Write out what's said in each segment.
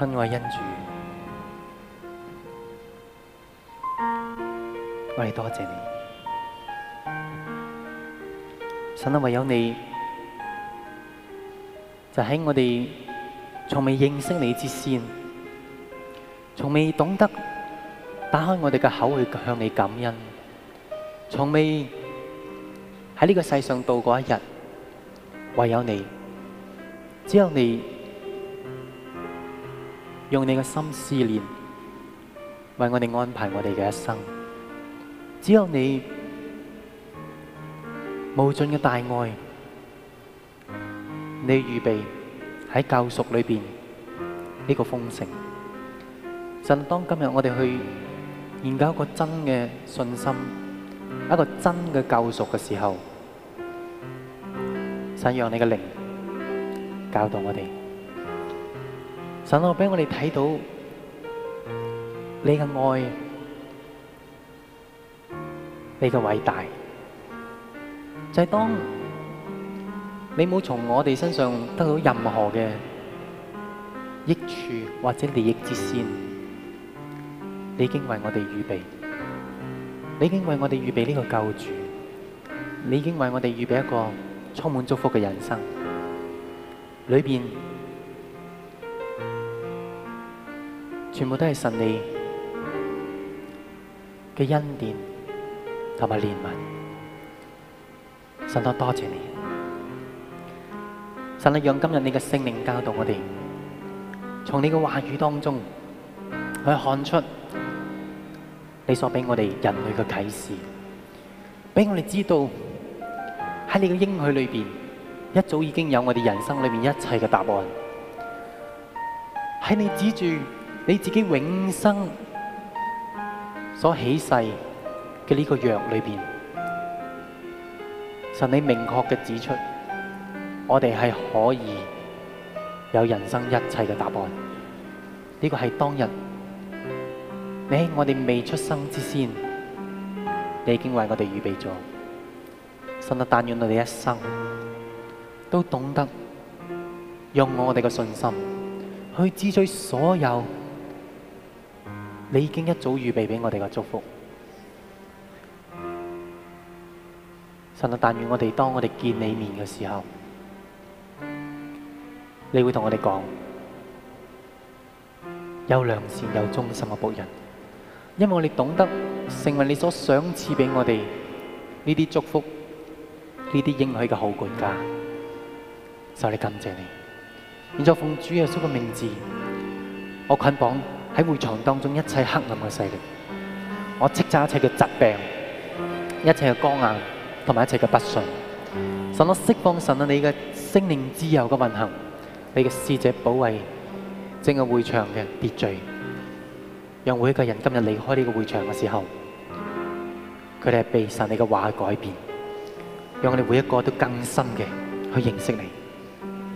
親愛恩主，我哋多謝你。神啊，唯有你，就喺我哋從未認識你之先，從未懂得打開我哋嘅口去向你感恩，從未喺呢個世上度過一日，唯有你，只有你。用你嘅心思念為我哋安排我哋嘅一生，只有你無盡嘅大愛，你預備喺救贖裏邊呢個豐盛。甚至當今日我哋去研究一個真嘅信心，一個真嘅救贖嘅時候，想用你嘅靈教導我哋。神，我俾我哋睇到你嘅愛，你嘅偉大，就係當你冇從我哋身上得到任何嘅益處或者利益之先，你已經為我哋預備，你已經為我哋預備呢個救主，你已經為我哋預備一個充滿祝福嘅人生，裏邊。全部都係神你嘅恩典同埋憐憫，神多多謝你，神你讓今日你嘅聖靈教導我哋，從你嘅話語當中去看出你所俾我哋人類嘅啟示，俾我哋知道喺你嘅應許裏邊，一早已經有我哋人生裏面一切嘅答案，喺你指住。你自己永生所起誓嘅呢個約裏面，神你明確嘅指出，我哋係可以有人生一切嘅答案。呢個係當日你喺我哋未出生之前，你已經為我哋預備咗，神啊，但願我哋一生都懂得用我哋嘅信心去支取所有。你已經一早預備俾我哋嘅祝福，神啊！但願我哋當我哋見你面嘅時候，你會同我哋講：有良善有忠心嘅僕人，因為我哋懂得成為你所賞賜畀我哋呢啲祝福，呢啲應許嘅好管家。就嚟感謝你，然之後奉主耶穌嘅名字，我捆綁。喺會場當中，一切黑暗嘅勢力，我斥責一切嘅疾病，一切嘅剛硬，同埋一切嘅不信。神啊，釋放神啊！你嘅聖靈自由嘅運行，你嘅使者保衛整個會場嘅秩序。讓每一個人今日離開呢個會場嘅時候，佢哋係被神你嘅話改變。讓我哋每一個都更深嘅去認識你。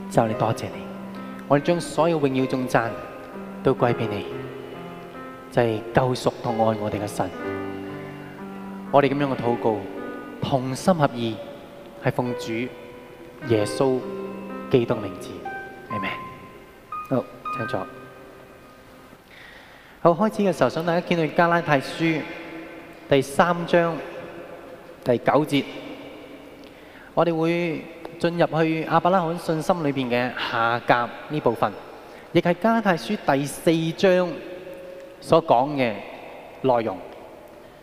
求你多謝你，我哋將所有榮耀頌讚都歸俾你。就係救贖同愛我哋嘅神，我哋咁樣嘅禱告，同心合意，係奉主耶穌基督名字，amen。好，請坐。好，開始嘅時候，想大家見到《加拉太書》第三章第九節，我哋會進入去亞伯拉罕信心裏邊嘅下夾呢部分，亦係加拉太書第四章，所講嘅內容，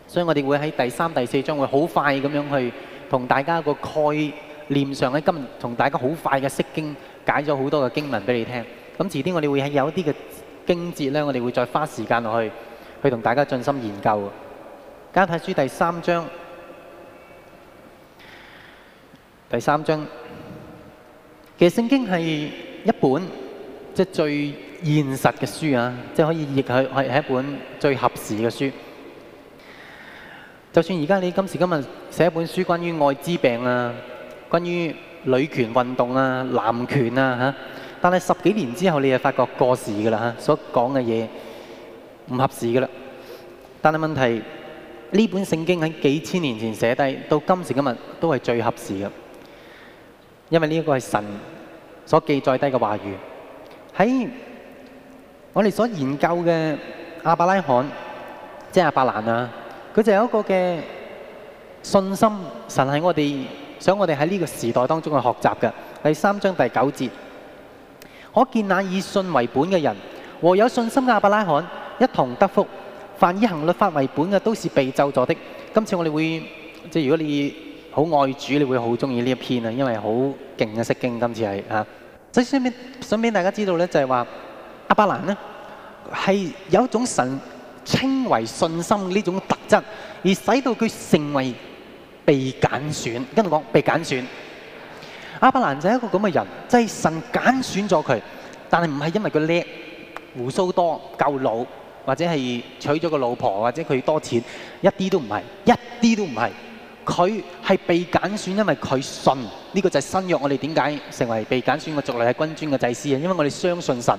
所以我哋會喺第三、第四章會好快咁樣去同大家個概念上咧，今同大家好快嘅釋經解咗好多嘅經文俾你聽。咁遲啲我哋會喺有啲嘅經節咧，我哋會再花時間落去去同大家盡心研究。加太書第三章，第三章其實聖經係一本即係最。現實嘅書啊，即係可以譯去係係一本最合時嘅書。就算而家你今時今日寫一本書關於艾滋病啊，關於女權運動啊、男權啊吓，但係十幾年之後你就發覺過時噶啦吓，所講嘅嘢，唔合時噶啦。但係，問題呢本聖經喺幾千年前寫低，到今時今日都係最合時嘅，因為呢個係神所記載低嘅話語喺。在我哋所研究嘅亞伯拉罕，即係亞伯蘭啊，佢就有一個嘅信心神，神係我哋想我哋喺呢個時代當中去學習嘅。第三章第九節，可見那以信為本嘅人，和有信心嘅亞伯拉罕一同得福；凡以行律法為本嘅，都是被咒詛的。今次我哋會即係如果你好愛主，你會好中意呢一篇啊，因為好勁嘅釋經今次係嚇、啊。所以順便大家知道咧，就係、是、話。亞伯蘭呢，係有一種神稱為信心呢種特質，而使到佢成為被揀選。跟住講被揀選，亞伯蘭就係一個咁嘅人，即、就、係、是、神揀選咗佢。但係唔係因為佢叻、鬍鬚多、夠老，或者係娶咗個老婆，或者佢多錢，一啲都唔係，一啲都唔係。佢係被揀選，因為佢信。呢、這個就係新約我哋點解成為被揀選嘅族類係君尊嘅祭司啊？因為我哋相信神。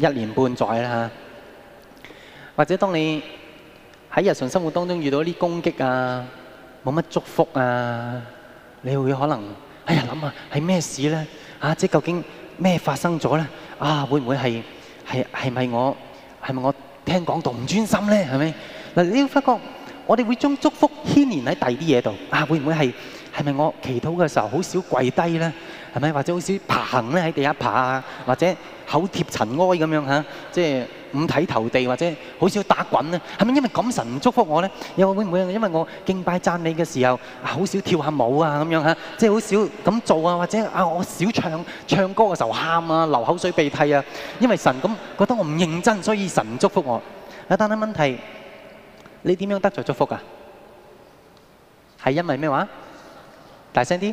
一年半載啦，或者當你喺日常生活當中遇到啲攻擊啊，冇乜祝福啊，你會可能哎呀諗下，係咩事咧？啊，即係究竟咩發生咗咧？啊，會唔會係係係咪我係咪我聽講到唔專心咧？係咪嗱？你會發覺，我哋會將祝福牽連喺第二啲嘢度啊？會唔會係係咪我祈禱嘅時候好少跪低咧？係咪？或者好少爬行咧喺地下爬啊，或者口貼塵埃咁樣嚇，即、啊、係、就是、五體投地，或者好少打滾咧，係咪因為咁神唔祝福我呢？又會唔會因為我敬拜讚美嘅時候啊，好少跳下舞啊咁、啊啊就是、樣嚇，即係好少咁做啊，或者啊我少唱唱歌嘅時候喊啊流口水鼻涕啊，因為神咁覺得我唔認真，所以神唔祝福我。但、那、係、個、問題，你點樣得著祝福啊？係因為咩話？大聲啲！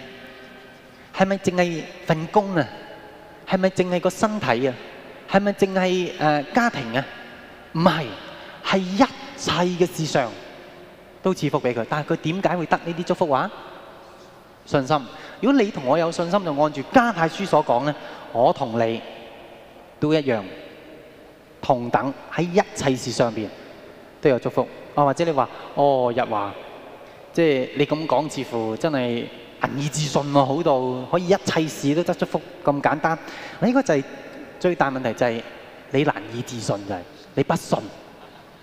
係咪淨係份工啊？係咪淨係個身體啊？係咪淨係誒家庭啊？唔係，係一切嘅事上都賜福俾佢。但係佢點解會得呢啲祝福呀？信心。如果你同我有信心，就按住加拉太書所講咧，我同你都一樣，同等喺一切事上面都有祝福。啊，或者你話哦，日華，即係你咁講，似乎真係。難以置信喎，好到可以一切事都得祝福咁簡單。呢個就係最大問題，就係你難以置信，就係你不信，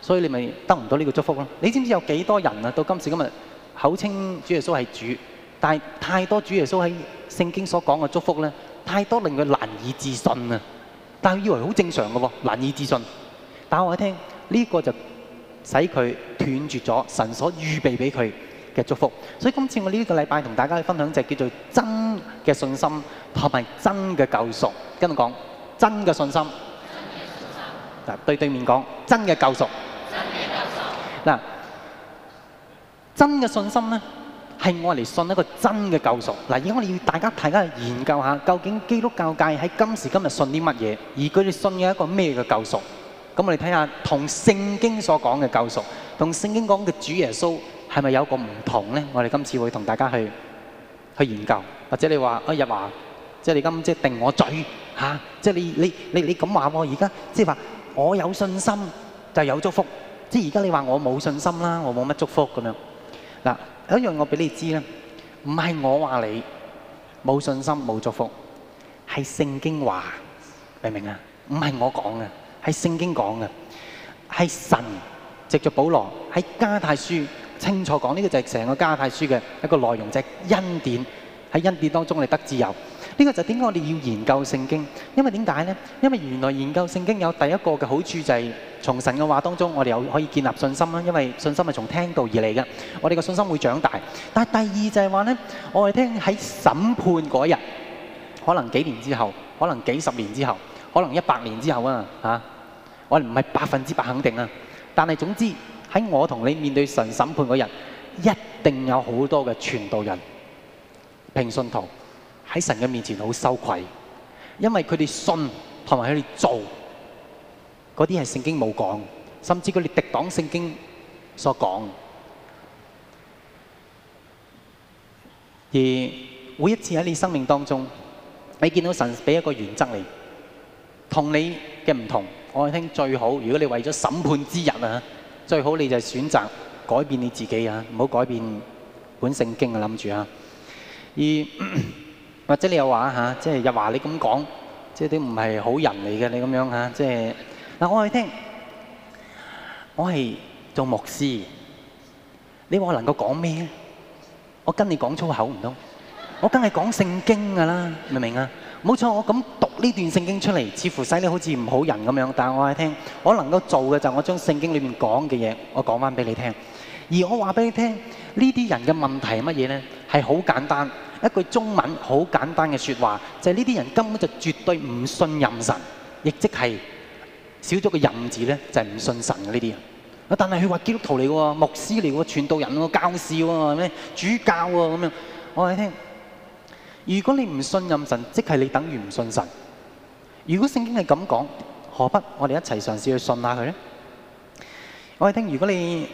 所以你咪得唔到呢個祝福咯。你知唔知有幾多人啊？到今時今日口稱主耶穌係主，但係太多主耶穌喺聖經所講嘅祝福咧，太多令佢難以置信啊！但係以為好正常嘅喎，難以置信。但我一聽呢個就使佢斷絕咗神所預備俾佢。嘅祝福，所以今次我呢個禮拜同大家去分享，就叫做真嘅信心同埋真嘅救贖。跟住講真嘅信心，嗱對對面講真嘅救贖，嗱真嘅信心咧係我嚟，信一個真嘅救贖。嗱，而家我哋要大家大家研究下，究竟基督教界喺今時今日信啲乜嘢，而佢哋信嘅一個咩嘅救贖？咁我哋睇下同聖經所講嘅救贖，同聖經講嘅主耶穌係咪有個唔同咧？我哋今次會同大家去去研究，或者你話：阿日華，即係你今即係定我罪嚇，即係你你你你咁話喎。而家即係話我有信心就有祝福，即係而家你話我冇信心啦，我冇乜祝福咁樣。嗱，一樣我俾你知啦，唔係我話你冇信心冇祝福，係聖經話，明唔明啊？唔係我講嘅，係聖經講嘅，係神藉著保羅喺加泰書。清楚講，呢個就係成個加拉太書嘅一個內容，就係恩典喺恩典當中你得自由。呢個就係點解我哋要研究聖經？因為點解咧？因為原來研究聖經有第一個嘅好處就係從神嘅話當中，我哋有可以建立信心啦。因為信心係從聽到而嚟嘅，我哋嘅信心會長大。但係第二就係話咧，我哋聽喺審判嗰日，可能幾年之後，可能幾十年之後，可能一百年之後啊，嚇！我哋唔係百分之百肯定啊，但係總之。喺我同你面對神審判嗰日，一定有好多嘅傳道人、平信徒喺神嘅面前好羞愧，因為佢哋信同埋佢哋做嗰啲係聖經冇講，甚至佢哋敵擋聖經所講。而每一次喺你生命當中，你見到神俾一個原則你，同你嘅唔同，我聽最好，如果你為咗審判之日啊！最好你就選擇改變你自己啊！唔好改變本聖經啊！諗住啊，而或者你又話啊嚇，即係又話你咁講，即係都唔係好人嚟嘅你咁樣嚇，即係嗱我係聽，我係做牧師，你話我能夠講咩？我跟你講粗口唔通？我梗係講聖經㗎啦，明唔明啊？冇錯，我咁。呢段聖經出嚟，似乎使你好似唔好人咁樣。但係我係聽，我能夠做嘅就係我將聖經裏面講嘅嘢，我講翻俾你聽。而我話俾你聽，呢啲人嘅問題係乜嘢呢？係好簡單，一句中文好簡單嘅説話，就係呢啲人根本就絕對唔信任神，亦即係少咗個任字呢，就係唔信神嘅呢啲人。啊，但係佢話基督徒嚟喎，牧師嚟喎，傳道人喎，教士喎，咩主教喎，咁樣。我係聽，如果你唔信任神，即係你等於唔信神。如果聖經係咁講，何不我哋一齊嘗試去信下佢呢？我哋聽，如果你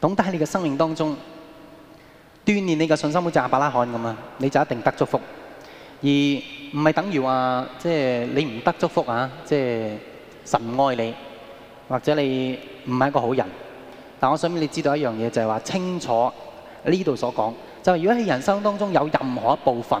懂得喺你嘅生命當中鍛鍊你嘅信心，好似阿伯拉罕咁啊，你就一定得祝福。而唔係等於話，即係你唔得祝福啊，即係神愛你，或者你唔係一個好人。但我想俾你知道一樣嘢，就係話清楚呢度所講，就係如果你人生當中有任何一部分，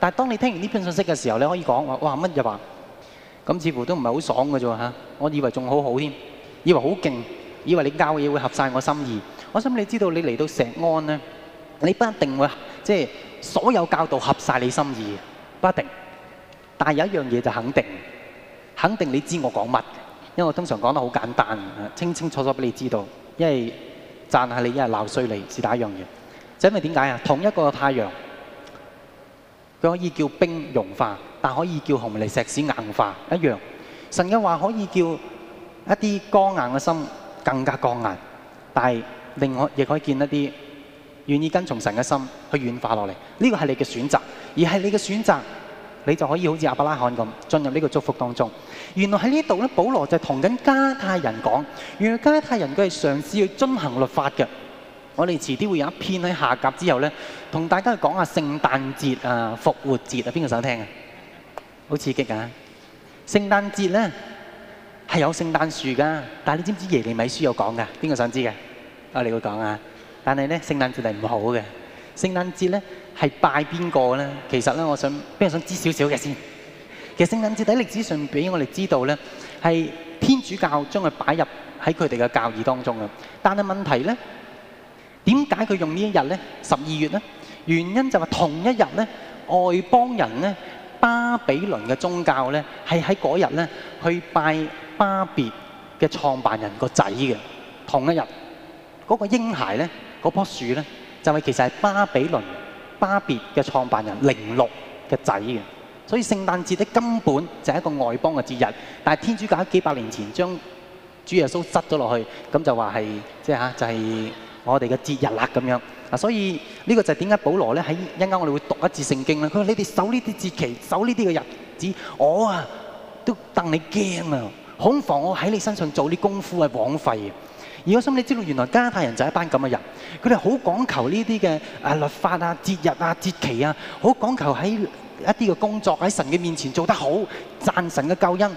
但係當你聽完呢篇信息嘅時候，你可以講話，哇，乜嘢話，咁似乎都唔係好爽嘅啫嚇。我以為仲好好添，以為好勁，以為你教嘢會合晒我心意。我想你知道你嚟到石安咧，你不一定會即係，所有教導合晒你心意，不一定。但係有一樣嘢就肯定，肯定你知我講乜，因為我通常講得好簡單，清清楚楚俾你知道。因為讚下你一日鬧衰你，是第一樣嘢。就因為點解啊？同一個太陽。佢可以叫冰融化，但可以叫紅泥石屎硬化一樣。神嘅話可以叫一啲剛硬嘅心更加剛硬，但係另外亦可以見一啲願意跟從神嘅心去軟化落嚟。呢個係你嘅選擇，而係你嘅選擇，你就可以好似亞伯拉罕咁進入呢個祝福當中。原來喺呢度咧，保羅就同緊加太人講，原來加太人佢係嘗試去遵行律法嘅。我哋遲啲會有一篇喺下集之後咧，同大家講下聖誕節啊、復活節啊，邊個想聽啊？好刺激啊！聖誕節咧係有聖誕樹噶，但係你知唔知耶利米書有講噶？邊個想知嘅？我哋會講啊。但係咧，聖誕節係唔好嘅。聖誕節咧係拜邊個咧？其實咧，我想邊個想知少少嘅先。其實聖誕節喺歷史上俾我哋知道咧，係天主教將佢擺入喺佢哋嘅教義當中啊。但係問題咧～點解佢用呢一日咧？十二月咧？原因就話同一日咧，外邦人咧，巴比倫嘅宗教咧，係喺嗰日咧去拜巴別嘅創辦人個仔嘅。同一日嗰、那個嬰孩咧，嗰樖樹咧，就係其實係巴比倫巴別嘅創辦人寧錄嘅仔嘅。所以聖誕節咧根本就係一個外邦嘅節日，但係天主教喺幾百年前將主耶穌塞咗落去，咁就話係即係嚇就係、是。就是我哋嘅節日啦咁樣，嗱、啊，所以呢個就係點解保羅咧喺一陣間我哋會讀一節聖經咧？佢話：你哋守呢啲節期、守呢啲嘅日子，我啊都戥你驚啊，恐防我喺你身上做啲功夫係枉費嘅。而我想你知道，原來加太人就係一班咁嘅人，佢哋好講求呢啲嘅啊律法啊節日啊節期啊，好講求喺一啲嘅工作喺神嘅面前做得好，賺神嘅救恩。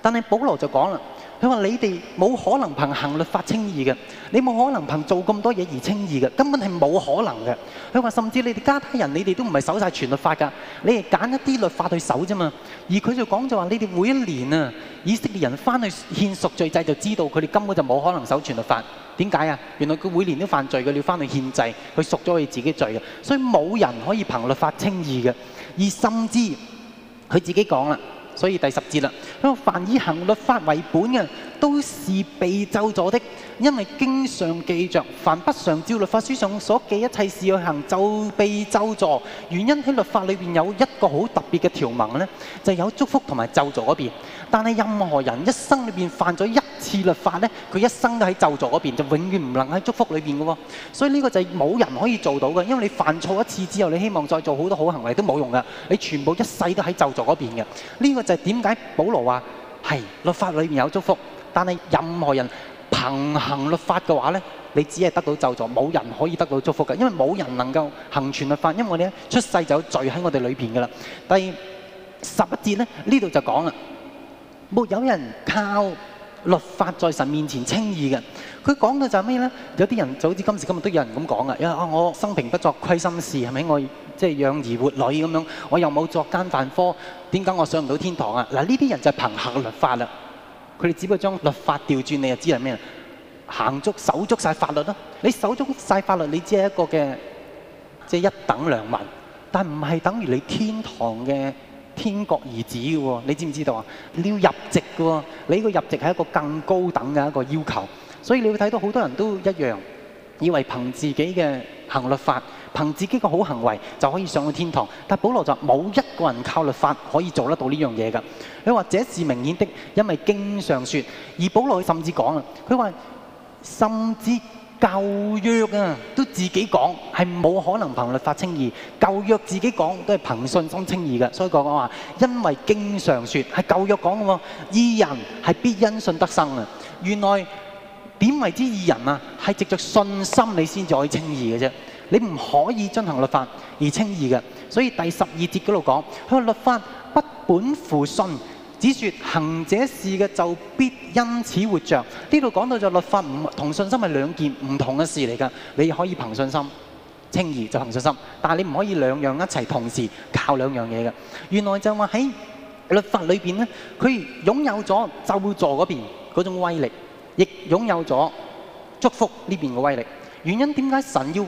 但係保羅就講啦。佢話：你哋冇可能憑行律法稱義嘅，你冇可能憑做咁多嘢而稱義嘅，根本係冇可能嘅。佢話：甚至你哋加太人，你哋都唔係守晒全律法噶，你哋揀一啲律法去守啫嘛。而佢就講就話：你哋每一年啊，以色列人翻去獻贖罪祭，就知道佢哋根本就冇可能守全律法。點解啊？原來佢每年都犯罪嘅，佢要翻去獻祭佢贖咗佢自己的罪嘅，所以冇人可以憑律法稱義嘅。而甚至佢自己講啦。所以第十節啦，凡以行律法為本嘅，都是被咒詛的，因為經上記著，凡不常照律法書上所記一切事去行，就被咒詛。原因喺律法裏面有一個好特別嘅條文呢，就有祝福同埋咒詛嗰邊。但係任何人一生裏面犯咗一次律法咧，佢一生都喺咒詛嗰邊，就永遠唔能喺祝福裏邊嘅喎。所以呢個就係冇人可以做到嘅，因為你犯錯一次之後，你希望再做好多好行為都冇用嘅。你全部一世都喺咒詛嗰邊嘅。呢、這個就係點解保羅話係律法裏面有祝福，但係任何人憑行律法嘅話咧，你只係得到咒詛，冇人可以得到祝福嘅，因為冇人能夠行全律法，因為我哋咧出世就罪喺我哋裏面嘅啦。第十節咧，呢度就講啦。沒有人靠律法在神面前稱義嘅。佢講嘅就係咩呢？有啲人就好似今時今日都有人咁講嘅。因為我生平不作虧心事，係咪？我即係養兒活女咁樣，我又冇作奸犯科，點解我上唔到天堂啊？嗱，呢啲人就係憑嚇律法啦。佢哋只不過將律法調轉，你就知係咩？行足守足曬法律咯。你守足晒法律，你只係一個嘅即係一等良民，但唔係等於你天堂嘅。天國而止嘅喎，你知唔知道啊？你要入籍喎，你個入籍係一個更高等嘅一個要求，所以你會睇到好多人都一樣，以為憑自己嘅行律法，憑自己個好行為就可以上到天堂。但保羅就冇一個人靠律法可以做得到呢樣嘢㗎。佢話這是明顯的，因為經上說，而保羅甚至講啊，佢話甚至。舊約啊，都自己講係冇可能憑律法稱義。舊約自己講都係憑信心稱義嘅，所以講我話，因為經常説係舊約講嘅喎，義人係必因信得生啊。原來點為之義人啊？係藉着信心你才清的，你先至可以稱義嘅啫。你唔可以進行律法而稱義嘅。所以第十二節嗰度講，佢話律法不本乎信。只說行者事嘅就必因此活着，呢度講到就律法唔同信心係兩件唔同嘅事嚟噶。你可以憑信心輕易就憑信心，但係你唔可以兩樣一齊同時靠兩樣嘢嘅。原來就話喺律法裏邊咧，佢擁有咗咒助嗰邊嗰種威力，亦擁有咗祝福呢邊嘅威力。原因點解神要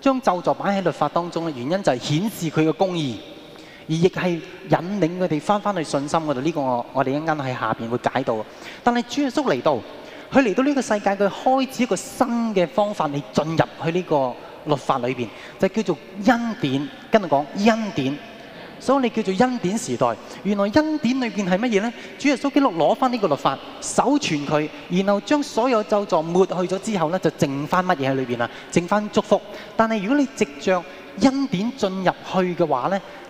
將咒助擺喺律法當中咧？原因就係顯示佢嘅公義。而亦係引領佢哋翻翻去信心嗰度，呢個我哋一陣喺下面會解到。但係主耶穌嚟到，佢嚟到呢個世界，佢開始一個新嘅方法嚟進入去呢個律法裏面，就叫做恩典。跟住講恩典，所以你叫做恩典時代。原來恩典裏面係乜嘢呢？主耶穌基督攞翻呢個律法，守存佢，然後將所有咒詛抹去咗之後呢，就剩翻乜嘢喺裏邊啊？剩翻祝福。但係如果你藉着恩典進入去嘅話呢。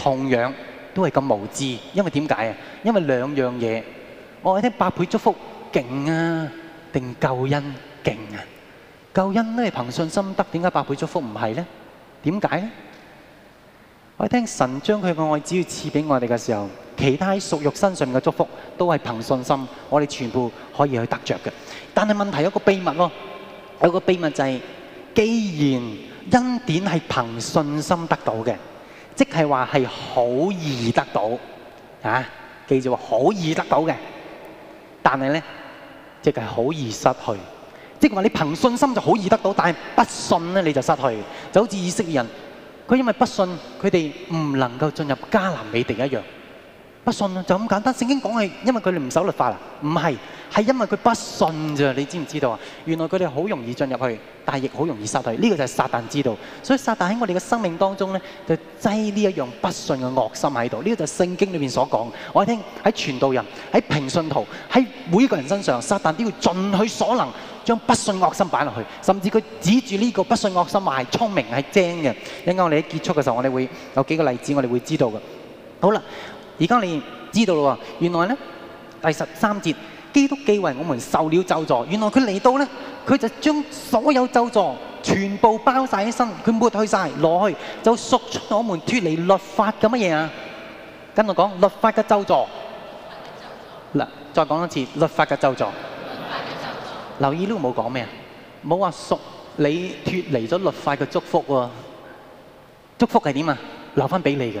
同樣都係咁無知，因為點解啊？因為兩樣嘢，我聽百倍祝福勁啊，定救恩勁啊，救恩都係憑信心得，點解百倍祝福唔係咧？點解咧？我聽神將佢嘅愛只要賜俾我哋嘅時候，其他屬肉身上嘅祝福都係憑信心，我哋全部可以去得著嘅。但係問題有個秘密咯，有個秘密就係，既然恩典係憑信心得到嘅。即係話係好易得到啊！記住話好易得到嘅，但係咧，即係好易失去。即係話你憑信心就好易得到，但係不信咧，你就失去，就好似以色列人，佢因為不信，佢哋唔能夠進入迦南美地一樣。不信就咁簡單。聖經講係因為佢哋唔守律法啊，唔係係因為佢不信咋？你知唔知道啊？原來佢哋好容易進入去，但係亦好容易失去。呢個就係撒但之道，所以撒但喺我哋嘅生命當中咧，就擠呢一樣不信嘅惡心喺度。呢個就係聖經裏面所講。我聽喺傳道人、喺平信徒、喺每一個人身上，撒但都要盡佢所能，將不信惡心擺落去。甚至佢指住呢個不信惡心話係聰明係精嘅。一陣我哋喺結束嘅時候，我哋會有幾個例子，我哋會知道嘅。好啦。而家你知道咯喎，原來咧第十三節，基督既為我們受了咒詛。原來佢嚟到咧，佢就將所有咒詛全部包晒起身，佢抹去晒，攞去就贖出我們脫離律法嘅乜嘢啊？跟我講，律法嘅咒詛。嗱，再講一次，律法嘅咒詛，法嘅咒詛，留意呢度冇講咩啊？冇話贖你脫離咗律法嘅祝福喎，啊，祝福係點啊？留翻俾你嘅。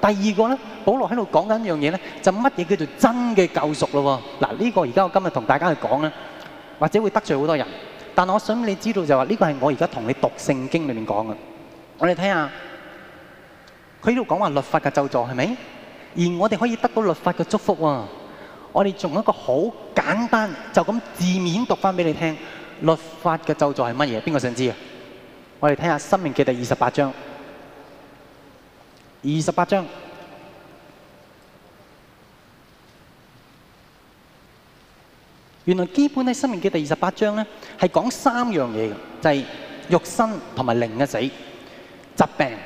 第二個咧，保羅喺度講緊一樣嘢咧，就乜嘢叫做真嘅救贖咯喎！嗱，呢個而家我今日同大家去講咧，或者會得罪好多人，但我想你知道就話呢個係我而家同你讀聖經裏面講嘅。我哋睇下，佢喺度講話律法嘅咒詛係咪？而我哋可以得到律法嘅祝福喎。我哋仲有一個好簡單就咁字面讀翻俾你聽，律法嘅咒詛係乜嘢？邊個想知啊？我哋睇下申命記第二十八章。二十八章，原來基本喺《申命記》第二十八章呢，係講三樣嘢，就係肉身同埋靈嘅死、疾病、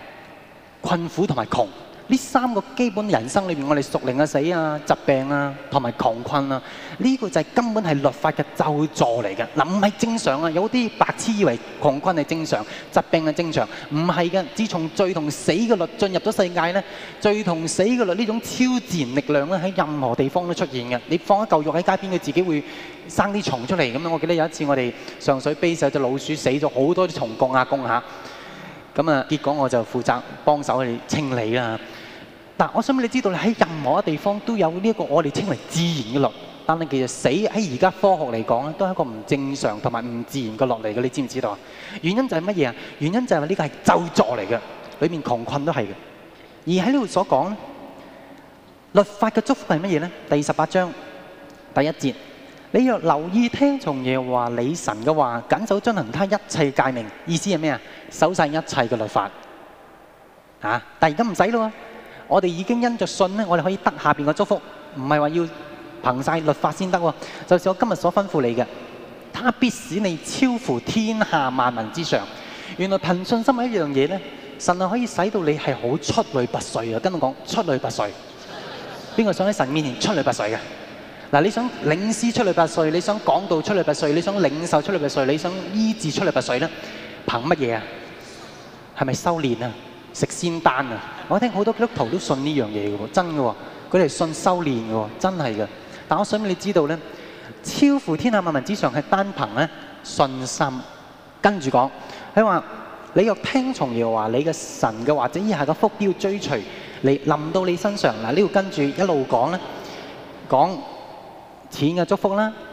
困苦同埋窮。呢三個基本人生裏面，我哋熟齡嘅死啊、疾病啊，同埋窮困啊，呢、這個就係根本係律法嘅咒詛嚟嘅。嗱、啊，唔係正常啊！有啲白痴以為窮困係正常，疾病係正常，唔係嘅。自從罪同死嘅律進入咗世界呢，罪同死嘅律呢種超自然力量咧，喺任何地方都出現嘅。你放一嚿肉喺街邊，佢自己會生啲蟲出嚟。咁我記得有一次，我哋上水碑就有隻老鼠死咗、啊，好多啲蟲降下攻下。咁啊，結果我就負責幫手去清理啦。啊、我想你知道，你喺任何一地方都有呢、這、一個我哋稱為自然嘅律。但係其實死喺而家科學嚟講咧，都係一個唔正常同埋唔自然嘅律嚟嘅。你知唔知道啊？原因就係乜嘢啊？原因就係話呢個係咒作嚟嘅，裏面窮困都係嘅。而喺呢度所講，律法嘅祝福係乜嘢咧？第十八章第一節，你要留意聽從耶和華你神嘅話，謹守遵行他一切嘅誡命。意思係咩啊？守晒一切嘅律法啊！但係而家唔使咯。我哋已經因着信咧，我哋可以得下邊嘅祝福，唔係話要憑晒律法先得喎。就似、是、我今日所吩咐你嘅，他必使你超乎天下萬民之上。原來憑信心係一樣嘢咧，神啊可以使到你係好出類拔萃啊！跟我講，出類拔萃。邊個想喺神面前出類拔萃嘅？嗱，你想領詩出類拔萃，你想講道出類拔萃，你想領受出類拔萃，你想醫治出類拔萃咧？憑乜嘢啊？係咪修練啊？食仙丹啊！我聽好多基督徒都信呢樣嘢嘅喎，真嘅喎、哦，佢哋信修煉嘅喎，真係嘅。但我想你知道咧，超乎天下萬民之上係單憑咧信心，跟住講，佢話你若聽從耶和華你嘅神嘅或者以下嘅福必追隨，要追隨你臨到你身上。嗱，呢度跟住一路講咧，講錢嘅祝福啦。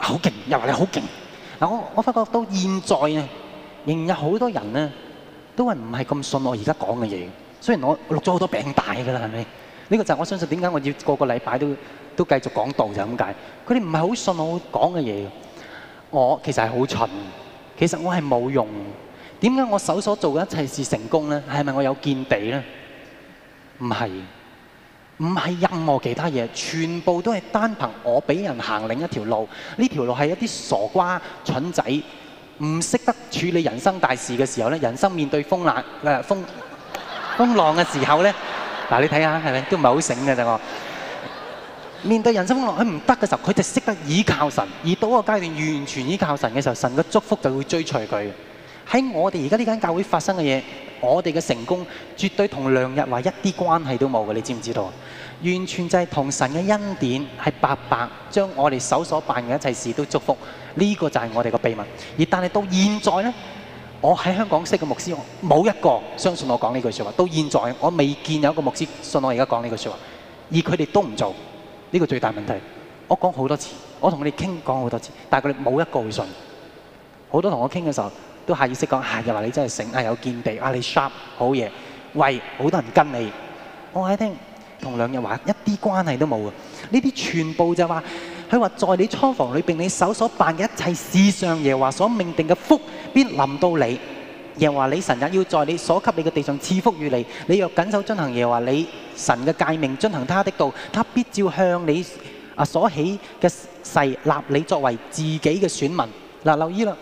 好勁，又話你好勁。嗱，我我發覺到現在啊，仍然有好多人咧，都係唔係咁信我而家講嘅嘢。雖然我錄咗好多餅帶㗎喇，係咪？呢個就係我相信點解我要個個禮拜都都繼續講道就咁解。佢哋唔係好信我講嘅嘢。我其實係好蠢，其實我係冇用。點解我手所做嘅一切事成功咧？係咪我有見地咧？唔係。唔係任何其他嘢，全部都係單憑我俾人行另一條路。呢條路係一啲傻瓜、蠢仔唔識得處理人生大事嘅時候咧，人生面對風浪、誒、啊、風風浪嘅時候咧，嗱，你睇下係咪都唔係好醒嘅咋，我面對人生風浪，佢唔得嘅時候，佢就識得依靠神。而到一個階段完全依靠神嘅時候，神嘅祝福就會追隨佢。喺我哋而家呢間教會發生嘅嘢，我哋嘅成功絕對同梁日華一啲關係都冇嘅，你知唔知道？完全就係同神嘅恩典，係白白將我哋手所辦嘅一切事都祝福。呢個就係我哋嘅秘密。而但係到現在呢，我喺香港識嘅牧師冇一個相信我講呢句説話。到現在我未見有一個牧師信我而家講呢句説話，而佢哋都唔做呢個最大問題。我講好多次，我同佢哋傾講好多次，但係佢哋冇一個會信。好多同我傾嘅時候都下意識講：係、哎、啊，你真係醒啊，有見地啊，你 sharp 好嘢。喂，好多人跟你，我喺聽。同兩日話一啲關係都冇啊！呢啲全部就話佢話在你倉房裏邊，並你手所辦嘅一切事上，耶華所命定嘅福必臨到你。耶華你神也要在你所給你嘅地上賜福與你。你若謹守遵行耶華你神嘅誡命，遵行他的道，他必照向你啊所起嘅誓，立你作為自己嘅選民。嗱，留意啦，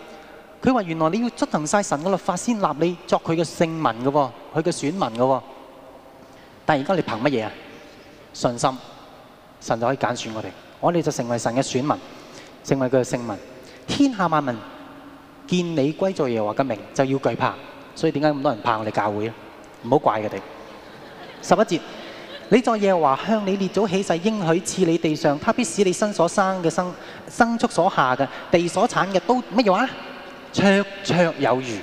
佢話原來你要執行晒神嘅律法，先立你作佢嘅聖民嘅，佢嘅選民嘅。但係而家你憑乜嘢啊？信心，神就可以揀選我哋，我哋就成為神嘅選民，成為佢嘅聖民。天下萬民見你歸在耶和華的名，就要懼怕。所以點解咁多人怕我哋教會咧？唔好怪佢哋。 十一節，你在耶和華向你列祖起誓應許賜你地上，他必使你身所生嘅，生生畜所下嘅，地所產嘅都乜嘢話？綽綽有餘。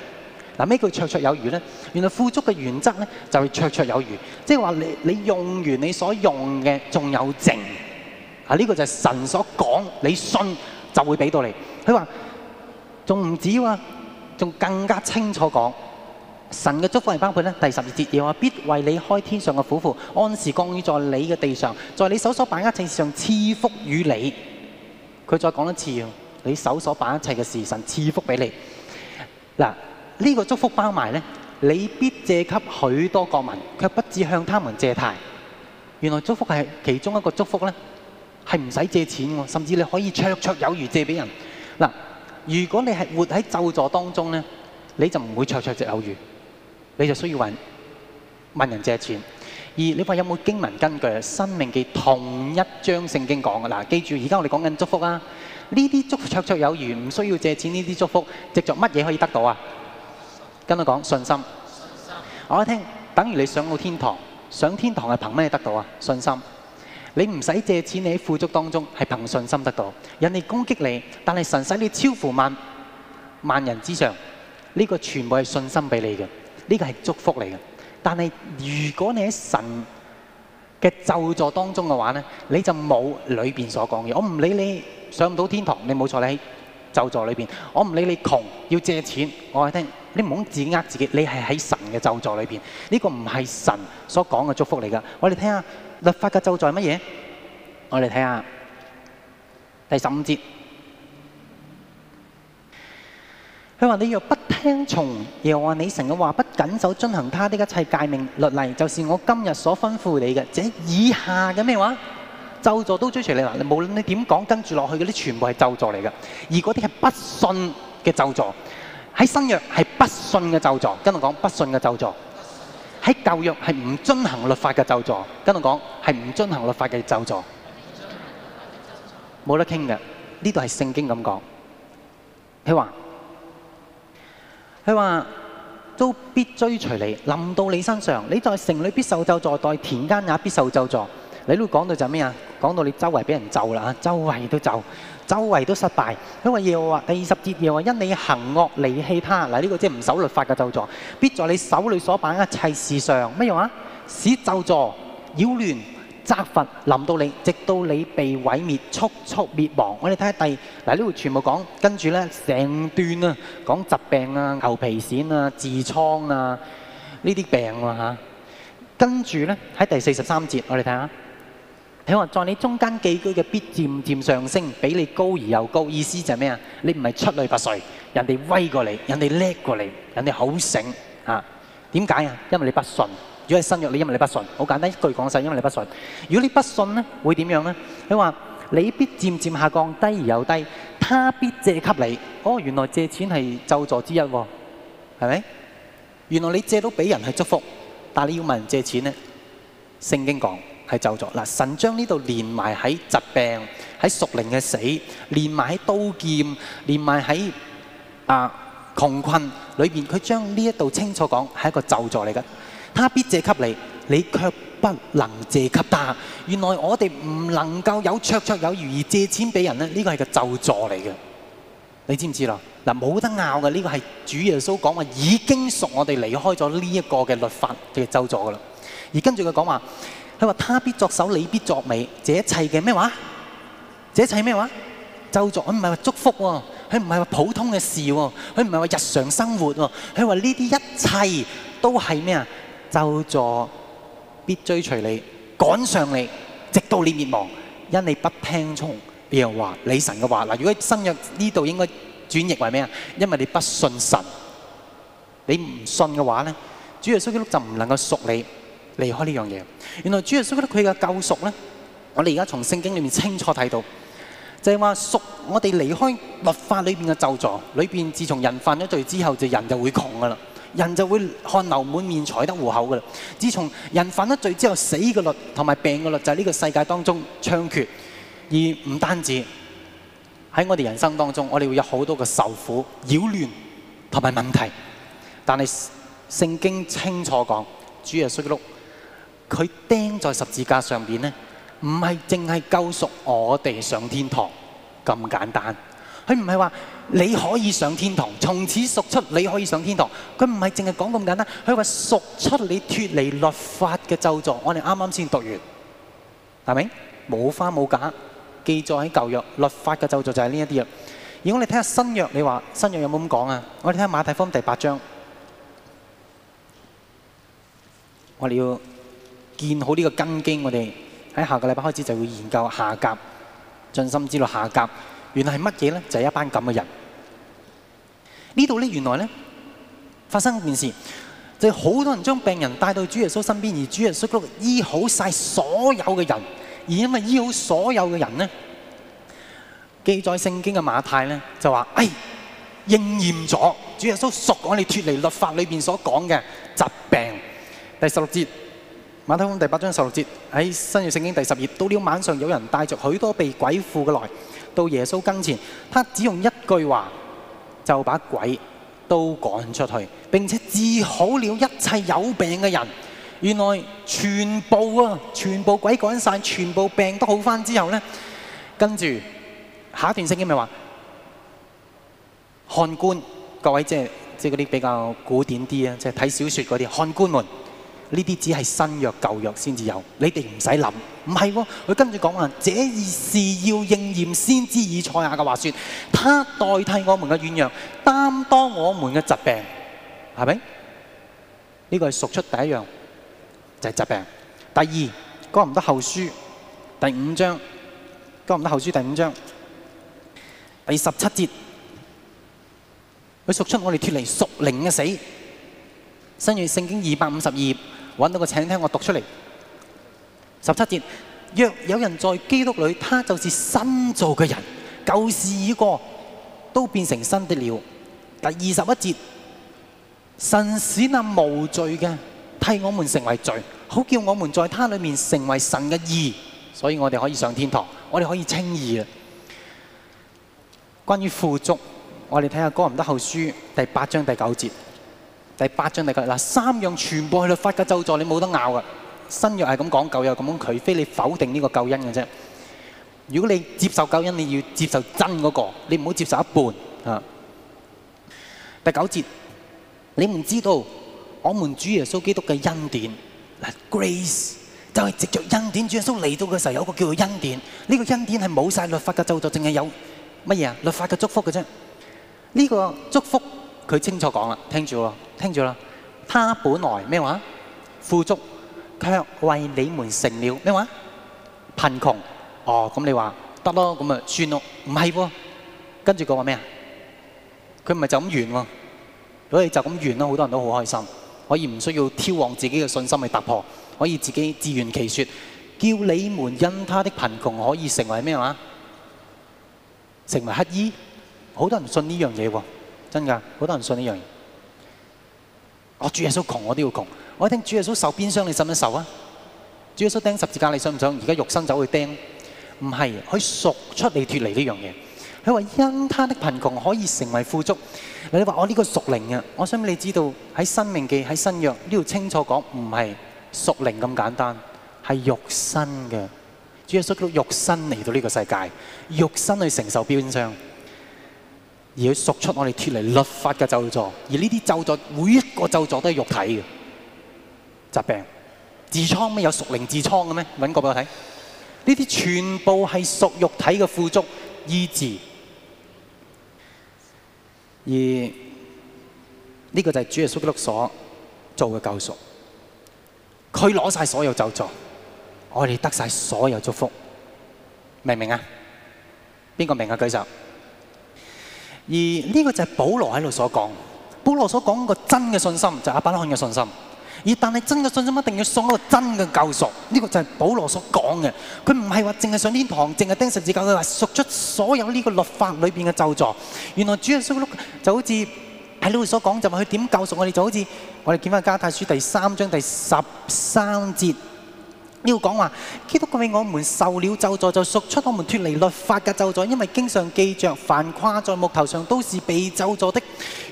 嗱，呢句綽綽有餘咧？原來富足嘅原則咧，就係綽綽有餘，即係話你你用完你所用嘅，仲有剩。啊，呢、呢個就係神所講，你信就會俾到你。佢話仲唔止喎，仲更加清楚講，神嘅祝福係包括咧。第十二節又話必為你開天上嘅府庫，按時降於在你嘅地上，在你手所把握一切上賜福與你。佢再講一次，你手所把握一切嘅事，神，賜福俾你。嗱。呢個祝福包埋呢，你必借給許多國民，卻不致向他們借貸。原來祝福係其中一個祝福呢，係唔使借錢喎，甚至你可以綽綽有餘借俾人，嗱。如果你係活喺咒詛當中呢，你就唔會綽綽綽有餘，你就需要問問人借錢。而你話有冇經文根據？申命記同一章聖經講嘅。嗱，記住而家我哋講緊祝福啊。呢啲祝福綽綽有餘，唔需要借錢呢啲祝福，藉着乜嘢可以得到啊？跟佢講信心，信心，我一聽，等於你上到天堂，上天堂係憑咩得到啊？信心，你唔使借錢，你喺富足當中係憑信心得到。人哋攻擊你，但係神使你超乎萬萬人之上，呢、這個全部係信心俾你嘅，呢、這個係祝福嚟嘅。但係如果你喺神嘅咒詛當中嘅話呢，你就冇裏邊所講嘅。我唔理你上唔到天堂，你冇錯，你喺咒詛裏邊。我唔理你窮要借錢，我一聽。你唔好自呃自己，你係喺神嘅咒詛裏邊，呢、這個唔係神所講嘅祝福嚟㗎。我哋聽下律法嘅咒詛係乜嘢？我哋睇下第十五節，佢話：你若不聽從，又你話你神嘅話不謹守遵行，他啲一切誡命律例，就是我今日所吩咐你嘅。這以下嘅咩話咒詛都追隨你啦！無論你點講，跟住落去嗰啲全部係咒詛嚟㗎，而嗰啲係不信嘅咒詛。喺新約係不信嘅咒詛，跟住講不信嘅咒詛；喺舊約係唔遵行律法嘅咒詛，跟住講係唔遵行律法嘅咒詛。冇得傾嘅，呢度係聖經咁講。佢話佢話都必追隨你，臨到你身上，你在城裏必受咒詛，待田間也必受咒詛。」你都講到就係咩啊？講到你周圍俾人咒啦，啊，周圍都咒。周圍都失敗，因為耶和華第二十節又話，因你行惡離棄他，嗱、這、呢個即係唔守律法嘅咒詛，必在你手裏所辦一切事上乜用啊？使咒詛擾亂責罰臨到你，直到你被毀滅、速速滅亡。我哋睇下第嗱呢度全部講，跟住咧成段啊講疾病啊、牛皮癬啊、痔瘡啊呢啲病啊吓，跟住咧喺第四十三節我哋睇下。你話在你中間寄居嘅必漸漸上升，比你高而又高。意思就係咩啊？你唔係出類拔萃，人哋威過你，人哋叻過你，人哋好醒啊？點解啊？因為你不信。如果係新約，你因為你不信。好簡單一句講晒，因為你不信。如果你不信咧，會點樣咧？你話你必漸漸下降，低而又低。他必借給你。哦，原來借錢係咒詛之一，哦，係咪？原來你借到俾人係祝福，但係你要問人借錢咧？聖經講。係咒詛嗱，神將呢度連埋喺疾病，喺屬靈嘅死，連埋喺刀劍，連埋喺啊窮困裏邊。佢將呢一度清楚講係一個咒詛嚟嘅。他必借給你，你卻不能借給他。原來我哋唔能夠有綽綽有餘而借錢俾人咧，呢、這個係個咒詛嚟嘅。你知唔知啦？嗱，冇得拗嘅，呢個係主耶穌講話，已經屬我哋離開咗呢一個嘅律法嘅、就是、咒詛噶啦。而跟住佢講話。佢話：他必作首，你必作尾。這一切嘅咩話？這一切咩話？咒詛，佢唔係話祝福喎、啊，佢唔係話普通嘅事喎、啊，佢唔係話日常生活喎、啊。佢話呢啲一切都係咩啊？咒詛，必追隨你，趕上你，直到你滅亡，因你不聽從。又話你神嘅話。如果新約呢度應該轉譯為咩啊？因為你不信神，你唔信嘅話呢，主耶穌基督就唔能夠屬你。離開呢樣嘢，原來主耶穌佢嘅救贖呢？我哋而家從聖經裏面清楚睇到，就係話贖我哋離開律法裏面嘅咒詛，裏邊自從人犯咗罪之後，就人就會窮噶啦，人就會汗流滿面，才得糊口噶啦。自從人犯咗罪之後，死嘅律同埋病嘅律就喺呢個世界當中猖獗，而唔單止喺我哋人生當中，我哋會有好多嘅受苦、擾亂同埋問題。但係聖經清楚講，主耶穌佢釘在十字架上邊呢，唔係淨係救贖我哋上天堂咁簡單。佢唔係話你可以上天堂，從此贖出你可以上天堂。佢唔係淨係講咁簡單。佢話贖出你脱離律法嘅咒詛。我哋啱啱先讀完，係咪？冇花冇假，記載喺舊約律法嘅咒詛就係呢一啲啊。如果我哋睇下新約，你話新約有冇咁講啊？我哋睇馬太福音第八章，我哋要建好呢個根基，我哋喺下個禮拜開始就會研究下甲進深之道。下甲原來係乜嘢咧？就係一班咁嘅人。呢度咧，原來咧，發生件事，就係好多人將病人帶到主耶穌身邊，而主耶穌都醫好晒所有嘅人。而因為醫好所有嘅人咧，記載聖經嘅馬太咧就話：，哎，應驗咗，主耶穌贖我哋脱離律法裏邊所講嘅疾病。第十六節。馬太福音第八章十六節喺新約聖經第十頁，到了晚上，有人帶着許多被鬼附嘅來到耶穌跟前，他只用一句話就把鬼都趕出去，並且治好了一切有病嘅人。原來全部啊，全部鬼趕散，全部病都好返之後呢。跟住下一段聖經咪話，看官各位，即係即係嗰啲比較古典啲啊，即係睇小説嗰啲看官們。呢啲只係新約舊約先至有，你哋唔使諗。唔係喎，佢跟住講話，這是要應驗先知以賽亞嘅話説，他代替我們嘅軟弱，擔當我們嘅疾病，係咪？呢、這個係屬出第一樣，就係、是、疾病。第二，哥林多後書第五章，哥林多後書第五章，第十七節，佢屬出我哋脱離屬靈嘅死，新約聖經二百五十二。找到個請聽，我讀出嚟。十七節，若有人在基督裏，他就是新造嘅人，舊事已過，都變成新的了。第二十一節，神使那無罪嘅替我們成為罪，好叫我們在他裏面成為神嘅義，所以我哋可以上天堂，我哋可以稱義啊。關於富足，我哋睇下哥林多後書第八章第九節。第八章第六嗱三樣全部係律法嘅咒助，你冇得拗㗎。新約係咁講，舊約咁樣除非你否定呢個救恩嘅啫。如果你接受救恩，你要接受真嗰個，你唔好接受一半啊。第九節，你唔知道我們主耶穌基督嘅恩典嗱，grace 就係藉著恩典，主耶穌嚟到嘅時候有個叫做恩典。呢個恩典係冇曬律法嘅咒助，淨係有乜嘢啊？律法嘅祝福嘅啫。呢個祝福。佢清楚講啦，聽住咯，聽住啦。他本來咩話富足，卻為你們成了咩話貧窮。哦，咁你話得咯，咁啊算咯。唔係噃，跟住講話咩啊？佢唔係就咁完喎，可以就咁完啦。好多人都好開心，可以唔需要挑旺自己嘅信心去突破，可以自己自圓其説，叫你們因他的貧窮可以成為咩話？成為乞兒，好多人信呢樣嘢喎。真噶，好多人信呢樣嘢。我主耶穌窮，我都要窮。我一聽主耶穌受鞭傷，你使唔使受啊？主耶穌釘十字架，你想唔想？而家肉身走去釘？唔係，佢贖出你脫離呢樣嘢。佢話因他的貧窮可以成為富足。你話我呢個屬靈啊？我想你知道喺生命記喺新約呢度清楚講，唔係屬靈咁簡單，係肉身嘅。主耶穌都肉身嚟到呢個世界，肉身去承受鞭傷。而佢贖出我哋脫離律法嘅咒詛，而呢啲咒詛，每一個咒詛都係肉體嘅疾病、痔瘡，咩有屬靈痔瘡嘅咩？揾個俾我睇，呢啲全部係屬肉體嘅腐濁醫治。而呢、呢個就係主耶穌基督所做嘅救贖，佢攞晒所有咒詛，我哋得晒所有祝福，明唔明啊？邊個明啊？舉手。而呢個就係保羅喺度所講，保羅所講個真嘅信心就係、是、亞伯拉罕嘅信心。而但係真嘅信心一定要信一個真嘅救贖，呢、這個就係保羅所講嘅。佢唔係話淨係上天堂，淨係釘十字架，佢話贖出所有呢個律法裏邊嘅咒詛，原來主耶穌就好似喺呢度所講，就話佢點救贖我哋，就好似我哋見翻加拉太書第三章第十三節。要講話，基督為我們受了咒詛，就贖出我們脱離律法嘅咒詛。因為經常記着，凡掛在木頭上都是被咒詛的。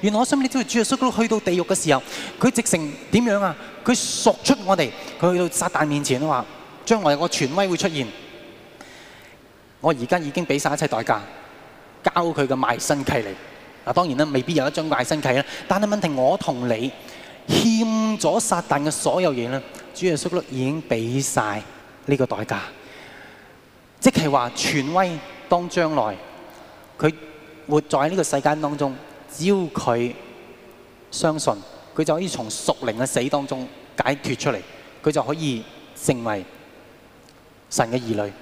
原來我想呢條主耶穌去到地獄嘅時候，佢直成點樣啊？佢贖出我哋，佢去到撒旦面前話：將來有個權威會出現，我而家已經俾晒一切代價，交佢嘅賣身契嚟。嗱，當然啦，未必有一張賣身契啦，但係問題是我同你欠咗撒旦嘅所有嘢咧。主耶穌已經俾晒呢個代價，即係話權威當將來，佢活在呢個世界當中，只要佢相信，佢就可以從屬靈嘅死當中解脫出嚟，佢就可以成為神嘅兒女，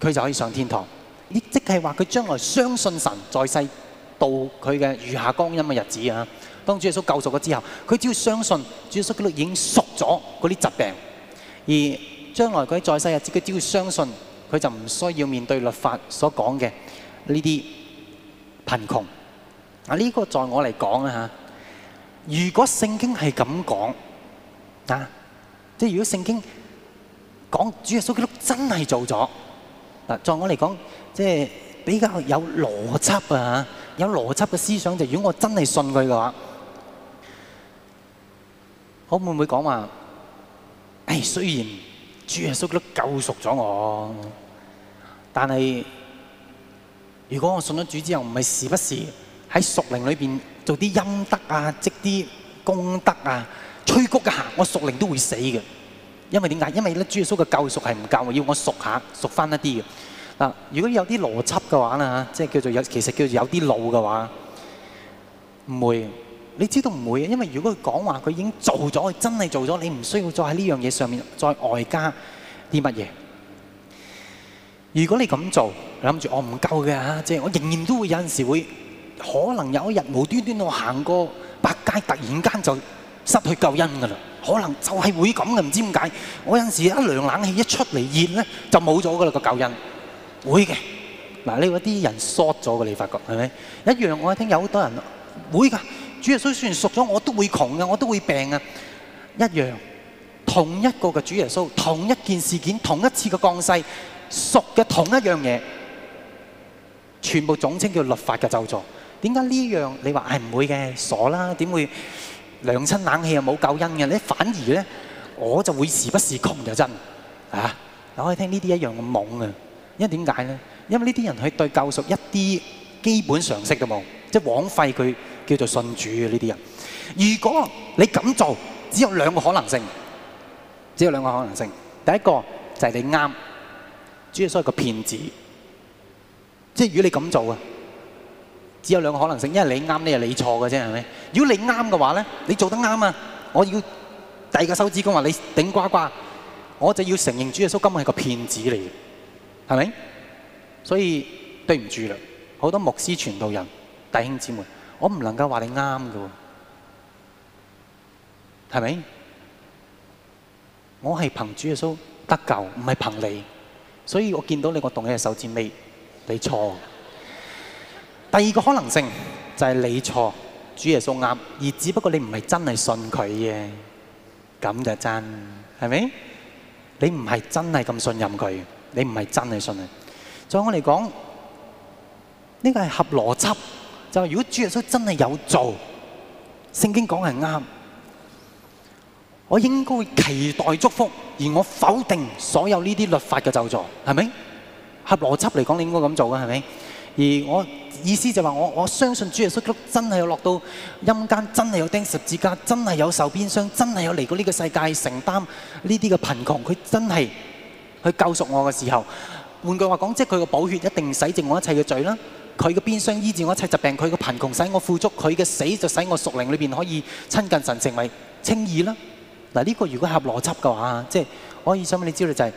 佢就可以上天堂。亦即係話，佢將來相信神在世到佢嘅餘下光陰嘅日子啊！當主耶穌救贖咗之後，佢只要相信主耶穌已經贖咗嗰啲疾病，而將來佢在世日子，佢只要相信，佢就唔需要面對律法所講嘅呢啲貧窮。啊，呢個在我嚟講啊嚇，如果聖經係咁講啊，即係如果聖經講主耶穌基督真係做咗嗱，在我嚟講，即係比較有邏輯啊，有邏輯嘅思想。就如果我真係信佢嘅話。我會唔會講話，誒、哎，雖然主耶穌都救贖咗我，但係如果我信咗主之後，唔係時不時喺屬靈裏邊做啲陰德啊，積啲功德啊，催谷啊，我屬靈都會死嘅。因為點解？因為咧，主耶穌嘅救贖係唔夠，我要我贖下贖返一啲嘅。嗱，如果有啲邏輯嘅話啦嚇，即係叫做有，其實叫做有啲腦嘅話，唔會。你知道唔會嘅，因為如果佢講話，佢已經做咗，真係做咗，你唔需要再喺呢樣嘢上面再外加啲乜嘢。如果你咁做，諗住我唔夠嘅嚇，即係我仍然都會有陣時會，可能有一日無端端我行過百佳，突然間就失去救恩㗎啦。可能就係會咁嘅，唔知點解。我有陣時一涼冷氣一出嚟，熱咧就冇咗㗎啦個救恩，會嘅。嗱，呢個啲人 short 咗嘅，你發覺係咪？一樣我聽有好多人會㗎。主耶穌雖然熟咗，我都會窮嘅，我都會病啊，一樣同一個嘅主耶穌，同一件事件，同一次嘅降世，熟嘅同一樣嘢，全部總稱叫律法嘅咒詛。點解呢樣你話係唔會嘅傻啦？點會涼親冷氣又冇救恩嘅，你反而咧，我就會時不時窮就真的啊！你可以聽呢啲一樣咁懵啊，因為點解咧？因為呢啲人佢對救贖一啲基本常識都冇，即係枉費佢叫做信主嘅呢啲人，如果你咁做，只有兩個可能性，只有兩個可能性。第一個就係、是、你啱，主耶穌係個騙子。即係如果你咁做啊，只有兩個可能性，因為你啱，就是、你係你錯嘅啫，係咪？如果你啱嘅話咧，你做得啱啊！我要第二個手指公話你頂呱呱，我就要承認主耶穌根本係個騙子嚟嘅，係咪？所以對唔住啦，好多牧師傳道人弟兄姊妹。我唔能夠話你啱嘅，係咪？我係憑主耶穌得救，唔係憑你，所以我見到你個動嘅手指尾，你錯。第二個可能性就係你錯，主耶穌啱，而只不過你唔係真係信佢嘅，咁就真，係咪？你唔係真係咁信任佢，你唔係真係信任。在我嚟講，呢個係合邏輯。就係如果主耶穌真係有做，聖經講係啱，我應該會期待祝福，而我否定所有呢啲律法嘅咒詛，係咪？合邏輯嚟講，你應該咁做嘅，係咪？而我意思就話，我我相信主耶穌真係有落到陰間，真係有釘十字架，真係有受鞭傷，真係有嚟過呢個世界承擔呢啲嘅貧窮，佢真係去救贖我嘅時候。換句話講，即係佢嘅寶血一定洗淨我一切嘅罪啦。佢嘅鞭傷醫治我一切疾病，佢嘅貧窮使我富足，佢嘅死就使我屬靈裏邊可以親近神，成為稱義啦。嗱，呢個如果個合邏輯嘅話，即、就、係、是、我可以想問你知道就係、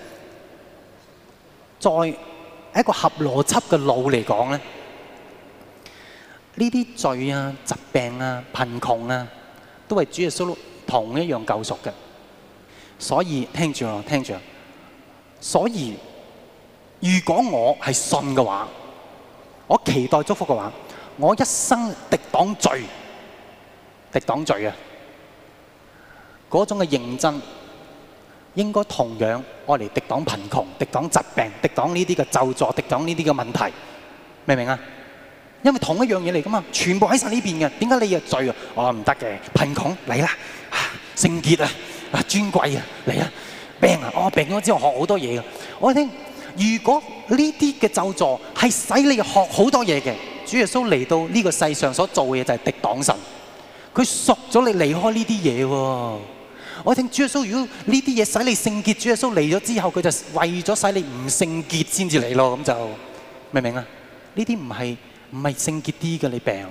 是，在一個合邏輯嘅路嚟講咧，呢啲罪啊、疾病啊、貧窮啊，都係主耶穌同一樣救贖嘅。所以聽住我，聽住我。所以如果我係信嘅話，我期待祝福嘅話，我一生敵擋罪，敵擋罪啊！嗰種嘅認真應該同樣愛嚟敵擋貧窮、敵擋疾病、敵擋呢啲嘅咒詛、敵擋呢啲嘅問題，明唔明啊？因為同一樣嘢嚟噶嘛，全部喺晒呢邊嘅，點解你又罪啊？我話唔得嘅貧窮嚟啦，聖潔啊、啊，尊貴啊嚟啊，啊，病啊，我病咗之後學好多嘢嘅，我一聽。如果呢啲嘅咒詛係使你學好多嘢嘅，主耶穌嚟到呢個世上所做嘅嘢就係敵擋神，佢贖咗你離開呢啲嘢喎。我聽主耶穌如果呢啲嘢使你聖潔，主耶穌嚟咗之後佢就為咗使你唔聖潔先至嚟咯，咁就明唔明啊？呢啲唔係唔係聖潔啲嘅你病，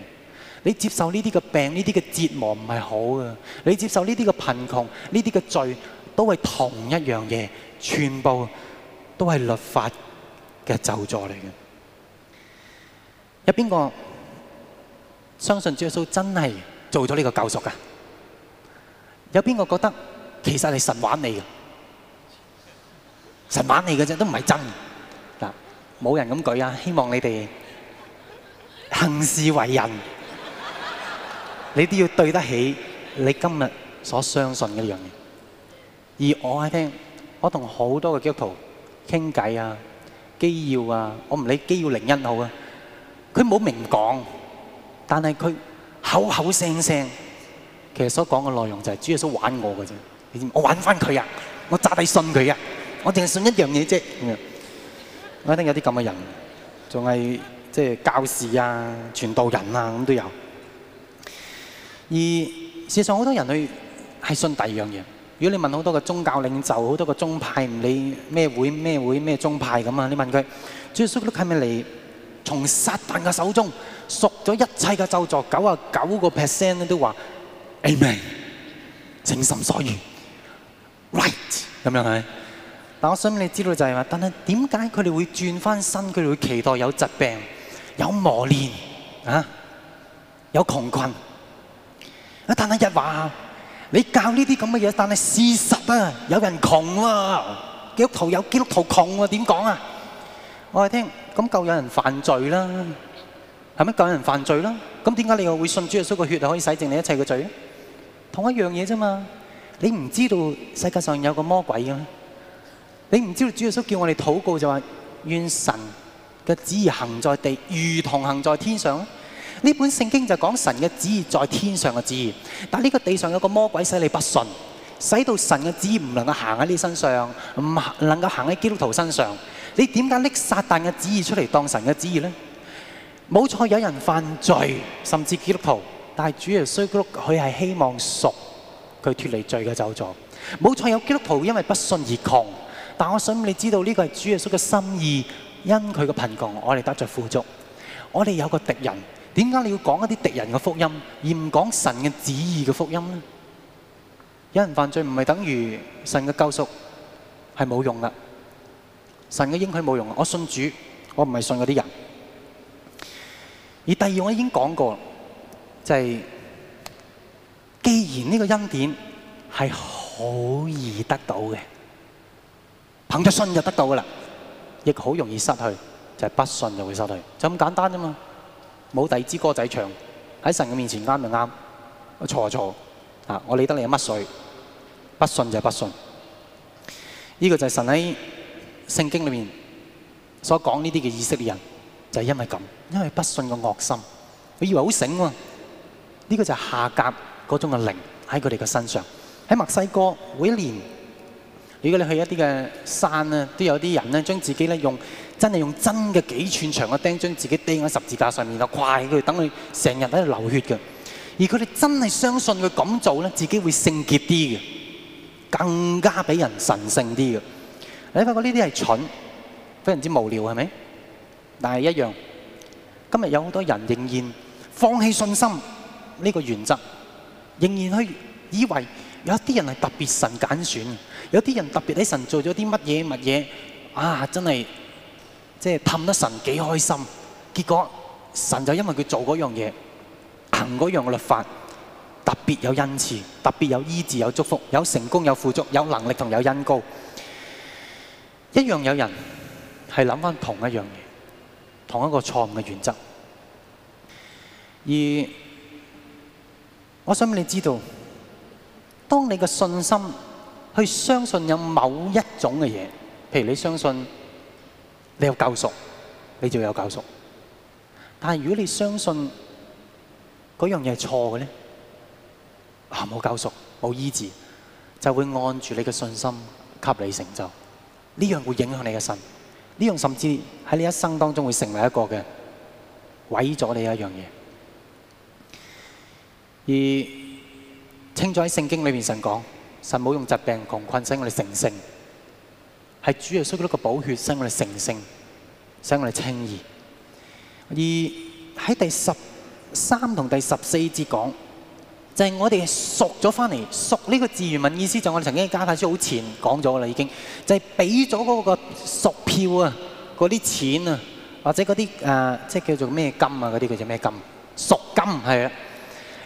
你接受呢啲嘅病呢啲嘅折磨唔係好嘅，你接受呢啲嘅貧窮呢啲嘅罪都係同一樣嘢，全部。都是律法嘅救助嚟嘅。有邊個相信耶穌真係做咗呢個救贖噶？有邊個覺得其實係神玩你的？神玩你的啫，都唔是真的。嗱，冇人咁舉啊！希望你哋行事為人，你都要對得起你今日所相信嘅呢樣嘢。而我喺聽，我同好多嘅基督徒。傾偈啊，機要啊，我唔理機要零一號啊，佢冇明講，但係佢口口聲聲，其實所講嘅內容就係主要想玩我嘅啫。我玩翻佢啊，我咋底信佢啊？我淨係信一樣嘢啫。我一定有啲咁嘅人，仲係即係教士啊、傳道人啊咁都有。而事實上，好多人去係信第二樣嘢。如果你問好多個宗教領袖，好多個宗派，唔理咩會咩會咩宗派咁啊，你問佢，耶穌基督係咪嚟從撒但嘅手中贖咗一切嘅咒詛？九十九個 percent 都話 Amen，情心所願，Right 咁樣係。但我想你知道就係話，但係點解佢哋會轉翻身？佢哋會期待有疾病、有磨練啊、有窮困。但係一話。你教呢啲咁嘅嘢，但係事實啊，有人窮喎，基督徒有基督徒窮喎，點講啊？我哋聽，咁夠有人犯罪啦，係咪夠有人犯罪啦？咁點解你又會信主耶穌嘅血就可以洗淨你一切嘅罪咧？同一樣嘢啫嘛！你唔知道世界上有個魔鬼嘅咩？你唔知道主耶穌叫我哋禱告就話，願神嘅旨意行在地，如同行在天上。呢本聖經就講神嘅旨意在天上嘅旨意，但係呢個地上有個魔鬼使你不信，使到神嘅旨意唔能夠行喺你身上，唔能夠行喺基督徒身上。你點解拎撒旦嘅旨意出嚟當神嘅旨意呢？冇錯，有人犯罪，甚至基督徒，但係主耶穌佢係希望贖佢脫離罪嘅咒詛。冇錯，有基督徒因為不信而窮，但我想你知道呢個係主耶穌嘅心意，因佢嘅貧窮，我哋得著富足。我哋有個敵人。點解你要講一啲敵人嘅福音，而唔講神嘅旨意嘅福音咧？有人犯罪唔係等於神嘅救贖係冇用啦，神嘅應許冇用啦。我信主，我唔係信嗰啲人。而第二，我已經講過，就係既然呢個恩典係好易得到嘅，憑着信就得到噶啦，亦好容易失去，就係不信就會失去，就咁簡單啫嘛。冇第二支歌仔唱，喺神嘅面前啱就啱，錯就錯。啊，我理得你係乜水？不信就係不信。呢、這個就係神喺聖經裏面所講呢啲嘅以色列人，就係、是、因為咁，因為不信嘅惡心。佢以為好醒喎，呢、這個就係下格嗰種嘅靈喺佢哋嘅身上。喺墨西哥，每一年，如果你去一啲嘅山咧，都有啲人咧將自己咧用。真係用真嘅幾寸長嘅釘，將自己釘喺十字架上面啊！掛佢，等佢成日喺度流血嘅。而佢哋真係相信佢咁做咧，自己會聖潔啲嘅，更加俾人神聖啲嘅。你發覺呢啲係蠢，非常之無聊，係咪？但係一樣，今日有好多人仍然放棄信心呢個原則，仍然去以為有一啲人係特別神揀選，有啲人特別喺神做咗啲乜嘢乜嘢啊！真係～即係氹得神幾開心，結果神就因為佢做嗰樣嘢，行嗰樣嘅律法，特別有恩賜，特別有醫治、有祝福、有成功、有富足、有能力同有恩膏。一樣有人係諗翻同一樣嘢，同一個錯誤嘅原則。而我想俾你知道，當你嘅信心去相信有某一種嘅嘢，譬如你相信。你有救贖，你就有救贖。但係如果你相信嗰樣嘢係錯嘅咧，冇、啊、救贖，冇醫治，就會按住你嘅信心給你成就。呢樣會影響你嘅神，呢樣甚至喺你一生當中會成為一個嘅毀咗你的一樣嘢。而清楚喺聖經裡面神講：神冇用疾病窮困使我哋成聖。係主要需要一個補血，使我哋成聖，成聖使我哋稱義。而喺第十三同第十四節講，就係、是、我哋贖咗翻嚟，贖呢個字原文意思就係我哋曾經《加拉太書》好前講咗啦，已經就係俾咗嗰個贖票啊，嗰啲錢啊，或者嗰啲誒，即係叫做咩金啊，嗰啲叫做咩金，贖金係啦，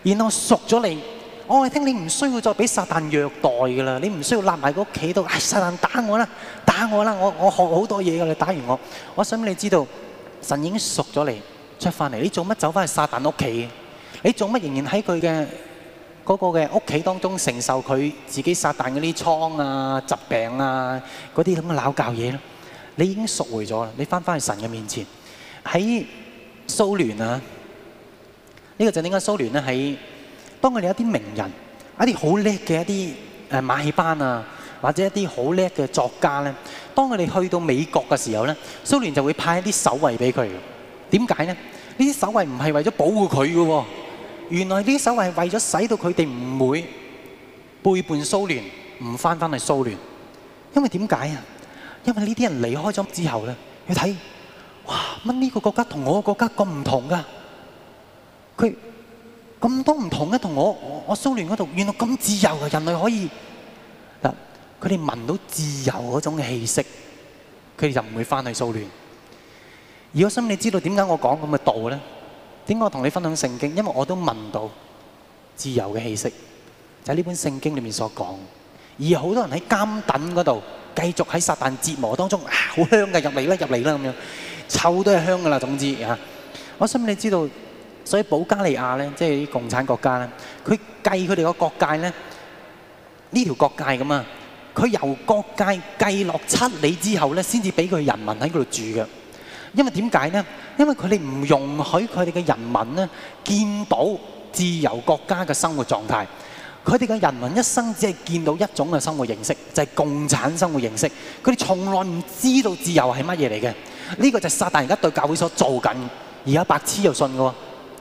然後贖咗你。我係聽你唔需要再俾撒但虐待嘅啦，你唔需要立埋個屋企度，唉，撒但打我啦，打我啦，我我學好多嘢嘅，你打完我，我想你知道神已經贖咗你出翻嚟，你做乜走翻去撒但屋企嘅？你做乜仍然喺佢嘅嗰個嘅屋企當中承受佢自己撒但嗰啲瘡啊、疾病啊、嗰啲咁嘅鬧教嘢咧？你已經贖回咗啦，你翻翻去神嘅面前。喺蘇聯啊，呢個就點解蘇聯咧喺？當佢哋一啲名人、一啲好叻嘅一啲誒馬戲班啊，或者一啲好叻嘅作家咧，當佢哋去到美國嘅時候咧，蘇聯就會派一啲守衛俾佢。點解咧？呢啲守衛唔係為咗保護佢嘅喎，原來呢啲守衛係為咗使到佢哋唔會背叛蘇聯，唔翻返去蘇聯。因為點解啊？因為呢啲人離開咗之後咧，你睇哇乜呢個國家同我個國家咁唔同㗎，佢。咁多唔同嘅，同我我蘇聯嗰度，原來咁自由嘅人類可以嗱，佢哋聞到自由嗰種嘅氣息，佢哋就唔會翻去蘇聯。而我想你知道點解我講咁嘅道咧？點解我同你分享聖經？因為我都聞到自由嘅氣息，就喺呢本聖經裏面所講。而好多人喺監等嗰度，繼續喺撒但折磨當中，啊，好香嘅入嚟啦，入嚟啦咁樣，臭都係香噶啦。總之啊，我想你知道。所以保加利亞咧，即係啲共產國家咧，佢計佢哋個國界咧，呢條國界咁啊。佢由國界計落七里之後咧，先至俾佢人民喺嗰度住嘅。因為點解咧？因為佢哋唔容許佢哋嘅人民咧，見到自由國家嘅生活狀態。佢哋嘅人民一生只係見到一種嘅生活形式，就係共產生活形式。佢哋從來唔知道自由係乜嘢嚟嘅。呢個就係撒旦而家對教會所做緊，而家白痴又信嘅喎。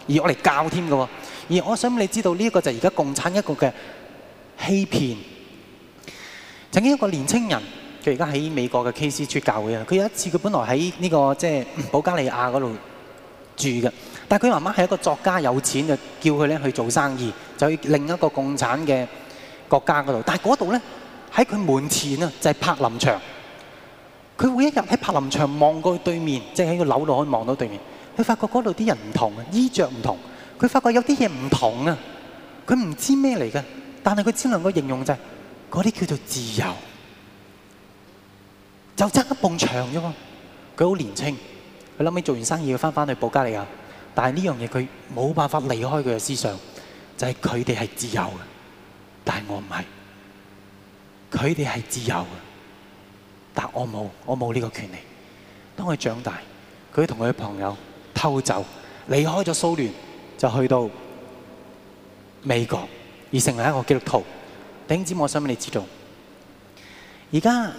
而我嚟教添嘅，而我想你知道呢一個就係而家共產一個嘅欺騙。曾經有一個年青人，佢而家喺美國嘅 k c 出教會啊。佢有一次，佢本來喺呢個即係保加利亞嗰度住嘅，但係佢媽媽係一個作家，有錢就叫佢咧去做生意，就去另一個共產嘅國家嗰度。但係嗰度咧喺佢門前啊，就係柏林牆。佢每一日喺柏林牆望過去對面，即係喺個樓度可以望到對面。佢發覺嗰度啲人唔同啊，衣着唔同。佢發覺有啲嘢唔同啊，佢唔知咩嚟㗎。但係佢知兩個形容就係嗰啲叫做自由，就爭一埲牆啫嘛。佢好年輕，佢諗起做完生意要翻返去保加利亞，但係呢樣嘢佢冇辦法離開佢嘅思想，就係佢哋係自由嘅，但係我唔係。佢哋係自由嘅，但係我冇，我冇呢個權利。當佢長大，佢同佢嘅朋友。偷走，離開咗蘇聯，就去到美國，而成為一個基督徒。頂止我想畀你知道，而家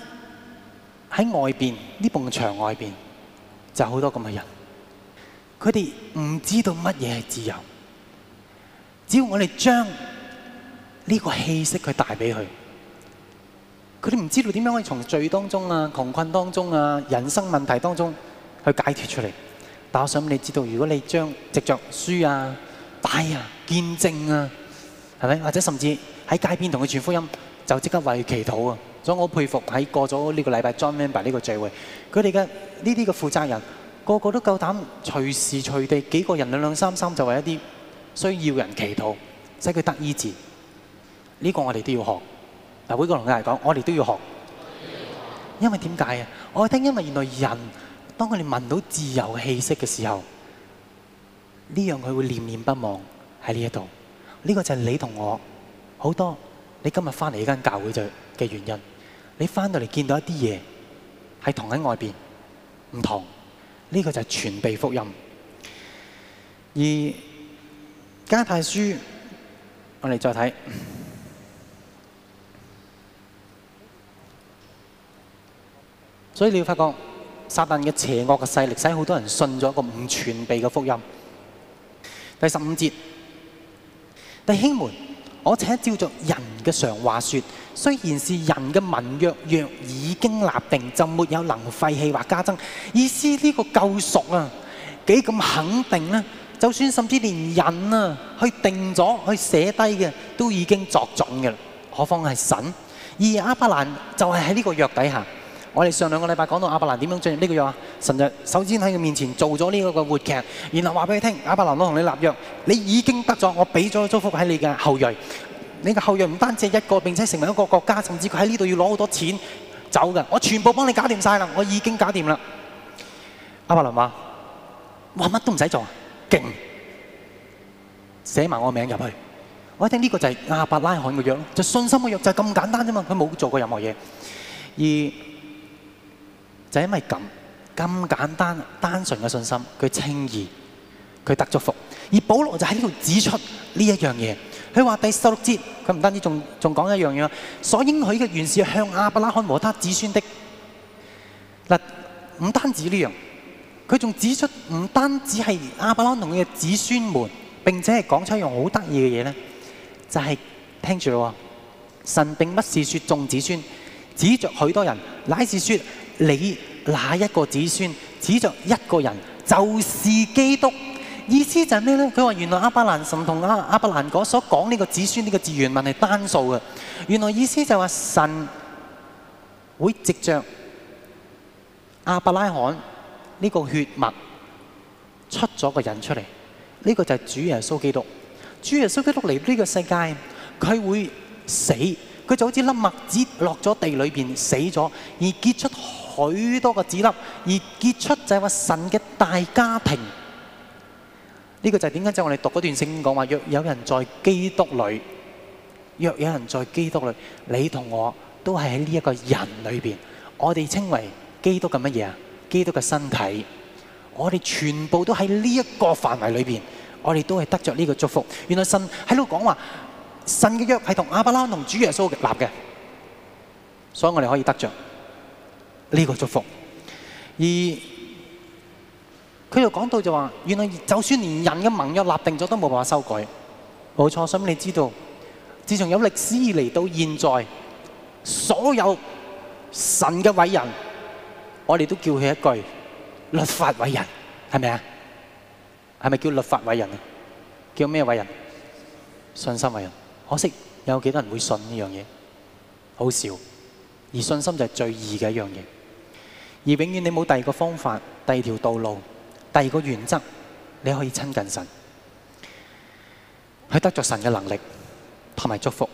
喺外邊呢埲牆外邊，就有、是、好多咁嘅人，佢哋唔知道乜嘢係自由。只要我哋將呢個氣息佢帶俾佢，佢哋唔知道點樣可以從罪當中啊、窮困當中啊、人生問題當中去解脱出嚟。但我想你知道，如果你將執着書啊、帶啊、見證啊，係咪？或者甚至喺街邊同佢傳福音，就即刻為佢祈禱啊！所以我佩服喺過咗呢個禮拜 John Member 呢個聚會，佢哋嘅呢啲嘅負責人個個都夠膽隨時隨地幾個人兩兩三三就為一啲需要人祈禱，使佢得醫治。呢、這個我哋都要學。每個人嘅嚟講，我哋都要學，因為點解啊？我聽，因為原來人。當佢哋聞到自由氣息嘅時候，呢樣佢會念念不忘喺呢一度。呢個就係你同我好多，你今日返嚟呢間教會就嘅原因。你返到嚟見到一啲嘢係同喺外面，唔同，呢個就係全被福音。而加太書，我哋再睇，所以你要發覺撒旦嘅邪惡嘅勢力，使好多人信咗一個唔全備嘅福音。第十五節，弟兄們，我且照着人嘅常話說，雖然是人嘅文約，若已經立定，就沒有能廢棄或加增。意思呢個夠熟啊，幾咁肯定呢、啊？就算甚至連人啊去定咗去寫低嘅都已經作準嘅，何況係神。而亞伯蘭就係喺呢個約底下。我哋上兩個禮拜講到亞伯蘭點樣進入呢個約啊？神就首先喺佢面前做咗呢個個活劇，然後話俾佢聽：亞伯蘭，我同你立約，你已經得咗我俾咗祝福喺你嘅後裔，你嘅後裔唔單止一個，並且成為一個國家，甚至佢喺呢度要攞好多錢走嘅，我全部幫你搞掂晒啦，我已經搞掂啦。亞伯蘭話：哇，乜都唔使做，勁，寫埋我名入去。我一聽呢、這個就係亞伯拉罕嘅約，就是、信心嘅約，就係、是、咁簡單啫嘛，佢冇做過任何嘢，而。就因為咁咁簡單單純嘅信心，佢輕易佢得咗福。而保羅就喺呢度指出呢一樣嘢，佢話第十六節，佢唔單止仲仲講一樣嘢，所應許嘅原是向亞伯拉罕和他子孫的。嗱，唔單止呢樣，佢仲指出唔單止係亞伯拉罕同佢嘅子孫們，並且係講出一樣好得意嘅嘢咧，就係、是、聽住啦。神並不是説眾子孫，指著許多人，乃是説。你那一個子孫指着一個人就是基督。意思就係咩咧？佢話，原來亞伯蘭神同阿亞伯蘭哥所講呢個子孫，呢個字原文係單數嘅。原來意思就係話，神會藉着亞伯拉罕呢個血脈出咗個人出嚟。呢個就係主耶穌基督。主耶穌基督嚟呢個世界，佢會死，佢就好似粒麥子落咗地裏邊死咗，而結出許多個子粒而結出，就係話神嘅大家庭。呢、這個就係點解就我哋讀嗰段聖經講話，若有人在基督裏，若有人在基督裏，你同我都係喺呢一個人裏邊，我哋稱為基督嘅乜嘢啊？基督嘅身體，我哋全部都喺呢一個範圍裏邊，我哋都係得着呢個祝福。原來神喺度講話，神嘅約係同亞伯拉罕同主耶穌立嘅，所以我哋可以得着。呢個祝福，而佢又講到就話，原來就算連人嘅盟約立定咗，都冇辦法修改。冇錯，所以你知道，自從有歷史以嚟到現在，所有神嘅偉人，我哋都叫佢一句律法偉人，係咪啊？係咪叫律法偉人啊？叫咩偉人？信心偉人。可惜有幾多人會信呢樣嘢？好少。而信心就係最易嘅一樣嘢。而永遠你冇第二個方法、第二條道路、第二個原則，你可以親近神，去得著神嘅能力同埋祝福。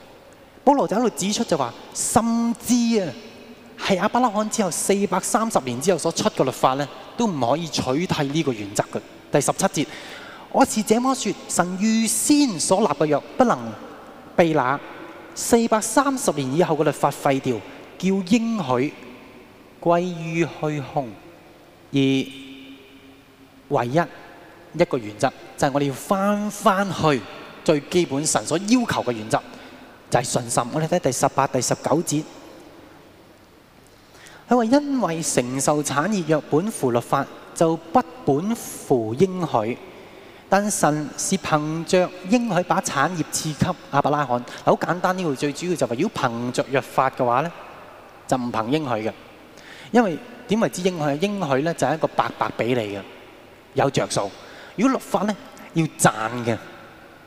保羅就喺度指出就話，甚至啊，係亞伯拉罕之後四百三十年之後所出嘅律法咧，都唔可以取替呢個原則嘅。第十七節，我是這麼說，神預先所立嘅約不能被那四百三十年以後嘅律法廢掉，叫應許。歸於虛空，而唯一一個原則就係、是、我哋要返返去最基本神所要求嘅原則，就係、是、信心。我哋睇第十八、第十九節，佢話，因為承受產業若本乎律法，就不本乎應許。但神是憑着應許把產業賜給亞伯拉罕。好簡單呢、這個最主要就係，如果憑着律法嘅話呢，就唔憑應許嘅。因為點為之應許？應許咧就係一個白白俾你嘅，有着數。如果律法咧，要賺嘅，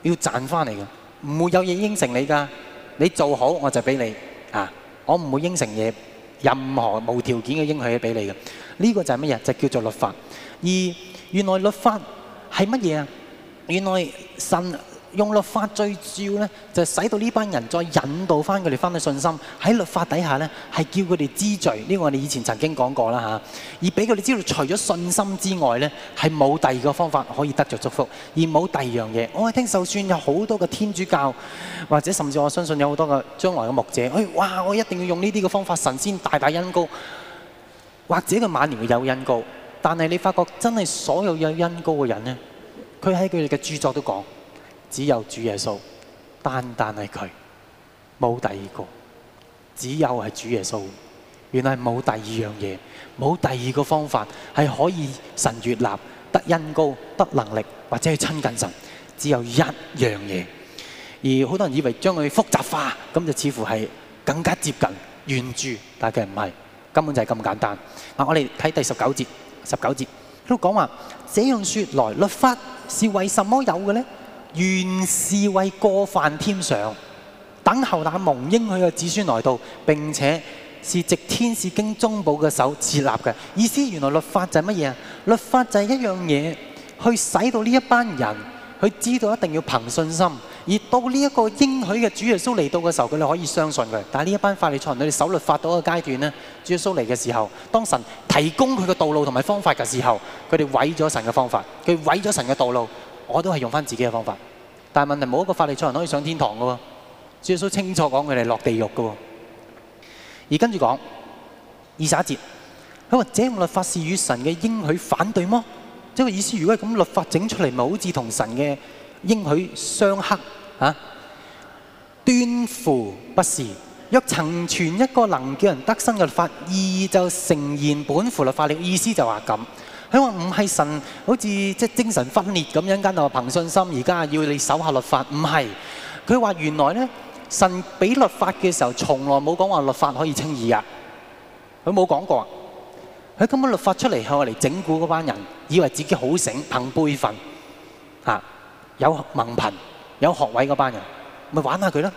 要賺翻嚟嘅，唔會有嘢應承你噶。你做好我就俾你啊！我唔會應承嘢，任何無條件嘅應許俾你嘅。呢、這個就係乜嘢？就叫做律法。而原來律法係乜嘢啊？原來神。用律法最主要呢，就是，使到呢班人再引導翻佢哋翻去信心，喺律法底下呢，係叫佢哋知罪。呢、這個我哋以前曾經講過啦，吓，啊，而俾佢哋知道，除咗信心之外呢，係冇第二個方法可以得着祝福，而冇第二樣嘢。我聽就算有好多嘅天主教，或者甚至我相信有好多嘅將來嘅牧者，哎，哇！我一定要用呢啲嘅方法，神仙大大恩高，或者佢晚年會有恩高，但係你發覺真係所有有恩高嘅人呢，佢喺佢哋嘅著作都講。只有主耶穌，單單係佢，冇第二個。只有係主耶穌，原來冇第二樣嘢，冇第二個方法係可以神悅納、得恩高、得能力或者去親近神。只有一樣嘢，而好多人以為將佢複雜化，咁就似乎係更加接近原著，但係其實唔係，根本就係咁簡單。嗱，我哋睇第十九節，十九節喺度講話，這樣說來，律法是為什麼有嘅呢？」原是為過犯添上，等候那蒙應許嘅子孫來到。並且是藉天使經中保嘅手設立嘅。意思原來律法就係乜嘢啊？律法就係一樣嘢，去使到呢一班人去知道一定要憑信心。而到呢一個應許嘅主耶穌嚟到嘅時候，佢哋可以相信佢。但係呢一班法利賽人，佢哋守律法到一個階段呢，主耶穌嚟嘅時候，當神提供佢嘅道路同埋方法嘅時候，佢哋毀咗神嘅方法，佢毀咗神嘅道路。我都係用翻自己嘅方法。但係問題，冇一個法利賽人可以上天堂嘅喎，耶穌清楚講佢哋落地獄嘅喎。而跟住講二十一節，佢話：這律法是與神嘅應許反對麼？即係個意思是，如果係咁律法整出嚟，咪好似同神嘅應許相克啊？斷乎不是，若曾存一個能叫人得生嘅律法，義就誠然本乎律法了。意思就話咁。佢話唔係神，好似即係精神分裂咁樣，間就憑信心。而家要你守下律法，唔係佢話原來咧，神俾律法嘅時候，從來冇講話律法可以稱義啊。佢冇講過，佢根本律法出嚟向我嚟整蠱嗰班人，以為自己好醒，憑輩份嚇、啊、有文憑有學位嗰班人，咪玩下佢咯。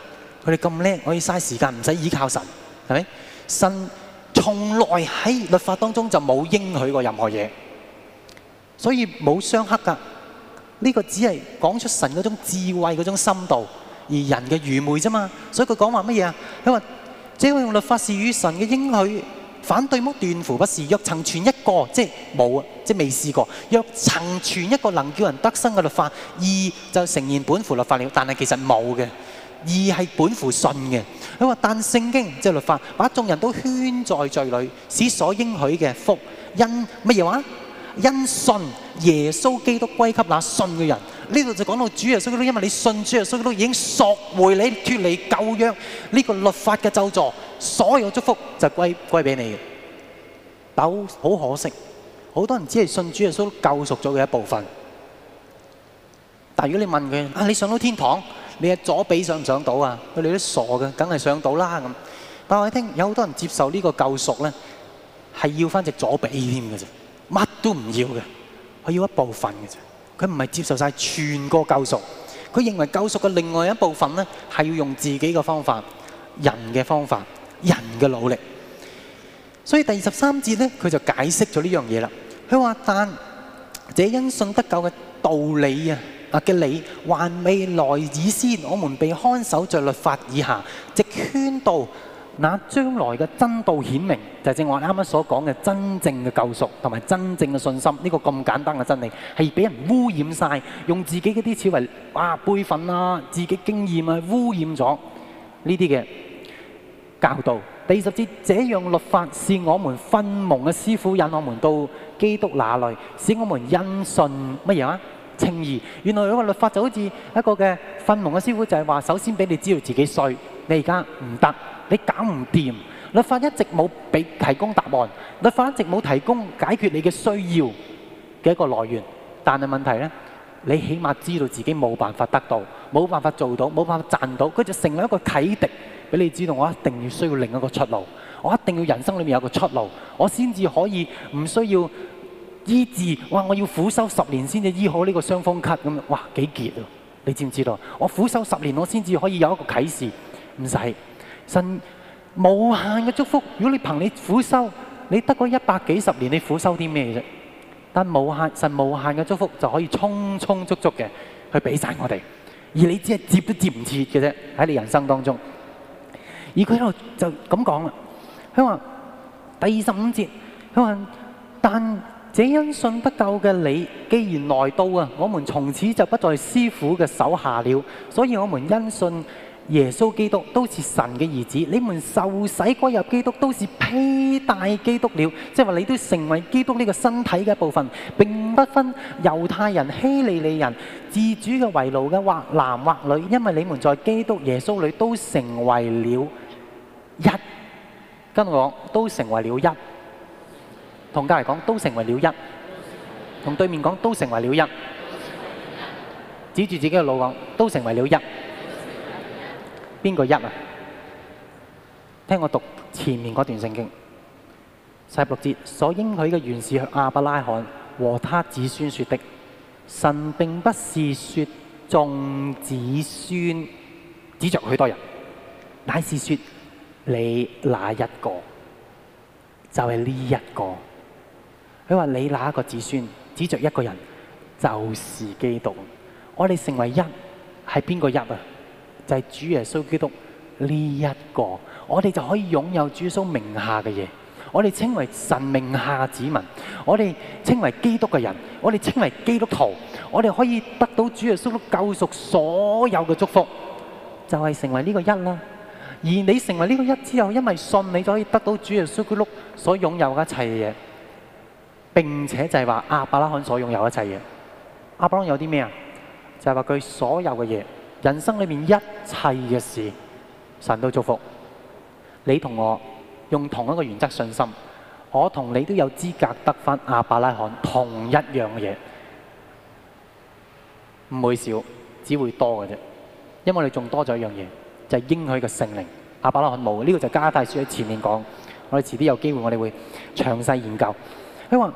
佢哋咁叻，可以嘥時間，唔使依靠神，係咪？神從來喺律法當中就冇應許過任何嘢。所以冇相克㗎，呢個只係講出神嗰種智慧嗰種深度，而人嘅愚昧啫嘛。所以佢講話乜嘢啊？佢話：這用律法是與神嘅應許反對嗎？斷乎不是。若曾存一個，即係冇啊，即係未試過。若曾存一個能叫人得生嘅律法，義就誠然本乎律法了。但係其實冇嘅，義係本乎信嘅。佢話：但聖經即係律法，把眾人都圈在罪裏，使所應許嘅福因乜嘢話？因信耶穌基督歸給那信嘅人，呢度就講到主耶穌基督，因為你信主耶穌基督已經索回你脫離舊約呢個律法嘅咒詛，所有祝福就歸歸俾你嘅。但好可惜，好多人只係信主耶穌救贖咗嘅一部分。但如果你問佢啊，你上到天堂，你嘅左臂上唔上到啊？佢哋都傻嘅，梗係上到啦咁。但我聽有好多人接受呢個救贖咧，係要翻隻左臂添嘅啫。乜都唔要嘅，佢要一部分嘅啫。佢唔係接受曬全個救贖，佢認為救贖嘅另外一部分咧，係要用自己嘅方法、人嘅方法、人嘅努力。所以第二十三節咧，佢就解釋咗呢樣嘢啦。佢話：但這因信得救嘅道理啊啊嘅理，還未來以先，我們被看守在律法以下，直圈到。那將來嘅真道顯明，就係正話你啱啱所講嘅真正嘅救贖同埋真正嘅信心呢個咁簡單嘅真理，係俾人汙染曬，用自己嗰啲似為哇輩份啊、自己經驗啊汙染咗呢啲嘅教導。第二十節，這樣律法是我們訓蒙嘅師傅引我們到基督那裡，使我們因信乜嘢啊？稱義。原來嗰個律法就好似一個嘅訓蒙嘅師傅，就係話：首先俾你知道自己衰，你而家唔得。你搞唔掂，律法一直冇俾提供答案，律法一直冇提供解決你嘅需要嘅一個來源。但係問題呢，你起碼知道自己冇辦法得到，冇辦法做到，冇辦法賺到，佢就成為一個啟迪俾你知道，我一定要需要另一個出路，我一定要人生裏面有個出路，我先至可以唔需要醫治。哇！我要苦修十年先至醫好呢個傷風咳咁，哇幾結啊！你知唔知道？我苦修十年，我先至可以有一個啟示，唔使。神無限嘅祝福，如果你憑你苦修，你得嗰一百幾十年，你苦修啲咩啫？但無限神無限嘅祝福就可以充充足足嘅去俾曬我哋，而你只係接都接唔切嘅啫。喺你人生當中，而佢喺度就咁講啦。佢話第二十五節，佢話但這因信得救嘅你，既然來到啊，我們從此就不在師傅嘅手下了，所以我們因信。耶穌基督都是神嘅兒子，你們受洗歸入基督，都是披戴基督了。即係話，你都成為基督呢個身體嘅一部分，並不分猶太人、希利利人、自主嘅、為奴嘅，或男或女，因為你們在基督耶穌裏都成為了一。跟我講，都成為了一。同隔籬講，都成為了一。同對面講，都成為了一。指住自己嘅腦講，都成為了一。邊個一啊？聽我讀前面嗰段聖經，十六節所應許嘅原是向亞伯拉罕和他子孫說的。神並不是說眾子孫指着許多人，乃是說你那一個，就係、是、呢一個。佢話你那一個子孫，指着一個人，就是基督。我哋成為一，係邊個一啊？就係主耶穌基督呢一個，我哋就可以擁有主耶穌名下嘅嘢，我哋稱為神名下子民，我哋稱為基督嘅人，我哋稱為基督徒，我哋可以得到主耶穌救贖所有嘅祝福，就係、是、成為呢個一啦。而你成為呢個一之後，因為信你就可以得到主耶穌基督所擁有一切嘅嘢，並且就係話阿伯拉罕所擁有一切嘢。阿伯拉罕有啲咩啊？就係話佢所有嘅嘢。人生裏面一切嘅事，神都祝福。你同我用同一個原則、信心，我同你都有資格得返亞伯拉罕同一樣嘅嘢，唔會少，只會多嘅啫。因為我哋仲多咗一樣嘢，就係應許嘅聖靈。亞伯拉罕冇，呢、呢個就是加拉太書喺前面講。我哋遲啲有機會，我哋會詳細研究。希望。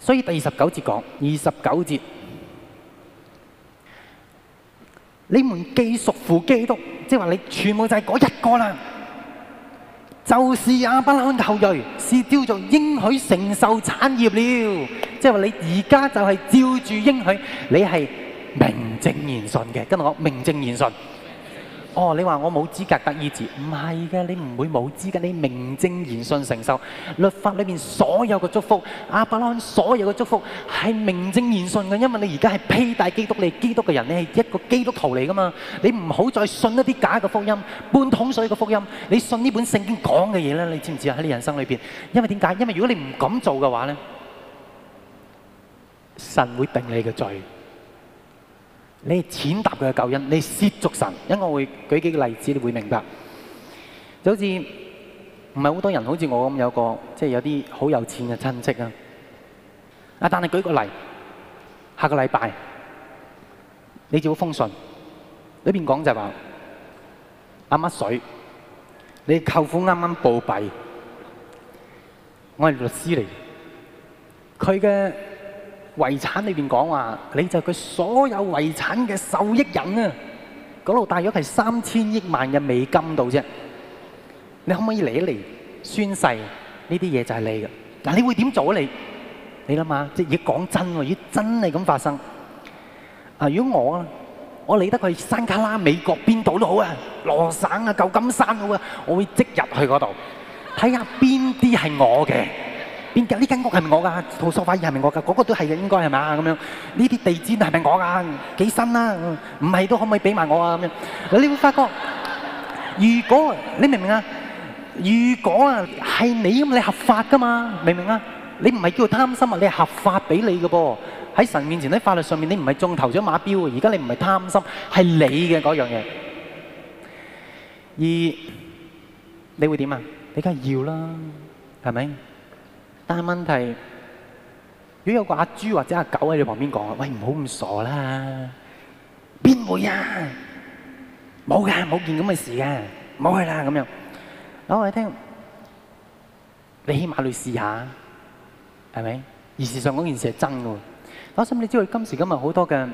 所以第二十九節講，二十九節。你們既屬乎基督，即係話你全部就係嗰一個啦，就是亞伯拉罕嘅後裔，是叫做應許承受產業了。即係話你而家就係照住應許，你係名正言順嘅。跟我講，名正言順。哦，你話我冇資格得醫治，唔係嘅，你唔會冇資格，你名正言順承受律法裏面所有嘅祝福，亞伯拉罕所有嘅祝福係名正言順嘅，因為你而家係披戴基督，你係基督嘅人，你係一個基督徒嚟㗎嘛，你唔好再信一啲假嘅福音，半桶水嘅福音，你信呢本聖經講嘅嘢咧，你知唔知啊？喺你人生裏邊，因為點解？因為如果你唔敢做嘅話咧，神會定你嘅罪。你踐踏佢嘅救恩，你涉足神，因為我會舉幾個例子，你會明白。就好似唔係好多人，好似我咁有個，即係有啲好有錢嘅親戚啊。啊，但係舉個例，下個禮拜你接到封信，裏邊講就係話阿乜水，你的舅父啱啱暴斃，我係律師嚟，佢嘅。遺產裏邊講話，你就係佢所有遺產嘅受益人啊！嗰度大約係三千億萬嘅美金度啫。你可唔可以嚟一嚟宣誓？呢啲嘢就係你㗎。嗱，你會點做啊？你，你諗下，即係要講真喎，要真係咁發生。啊，如果我，啊，我理得佢山卡拉美國邊度都好啊，羅省啊舊金山好啊，我會即入去嗰度睇下邊啲係我嘅。邊間呢間屋係咪我㗎？套 sofa 椅係咪我㗎？嗰個都係嘅，應該係咪啊？咁樣，呢啲地氈係咪我㗎？幾新啦？唔係都可唔可以俾埋我啊？咁樣你會發覺，如果你明唔明啊？如果啊係你咁，你合法㗎嘛？明唔明啊？你唔係叫做貪心啊？你係合法俾你嘅噃。喺神面前、喺法律上面，你唔係中投咗馬標。而家你唔係貪心，係你嘅嗰樣嘢。而你會點啊？你梗係要啦，係咪？但係問題，如果有個阿豬或者阿狗喺你旁邊講啊，喂，唔好咁傻啦，邊會啊？冇嘅，冇件咁嘅事嘅，冇去啦咁樣。我話你聽，你起碼去試下，係咪？而事實上嗰件事係真嘅。我心裡知道，今時今日好多嘅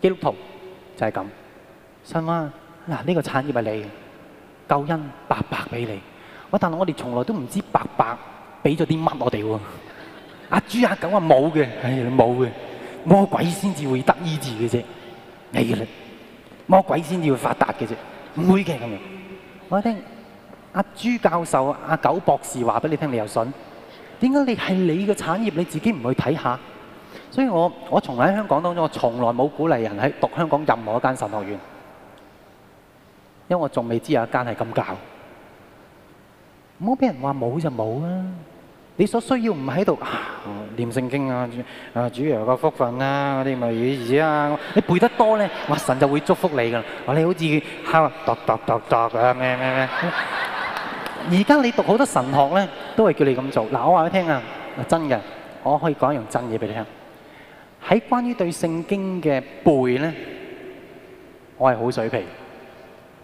基督徒就係咁，信嗎？嗱，呢個產業係你救恩白白俾你，我但係我哋從來都唔知白白。俾咗啲乜我哋喎、啊？阿豬阿狗話冇嘅，冇嘅、哎，魔鬼先至會得醫治嘅啫，你、哎、啦，魔鬼先至會發達嘅啫，唔會嘅咁樣。我一聽阿豬、啊、教授、阿、啊、狗博士話俾你聽，你又信？點解你係你嘅產業，你自己唔去睇下？所以我我從來喺香港當中，我從來冇鼓勵人喺讀香港任何一間神學院，因為我仲未知有一間係咁教。冇俾人話冇就冇啊！你所需要唔喺度唸聖經啊，啊主耶穌嘅福分啊嗰啲咪而已啊！你背得多咧，哇神就會祝福你噶啦！哇你好似敲讀讀讀讀啊咩咩咩！而家你讀好多神學咧，都係叫你咁做嗱，我話你聽啊，真嘅，我可以講一樣真嘢俾你聽。喺關於對聖經嘅背咧，我係好水皮。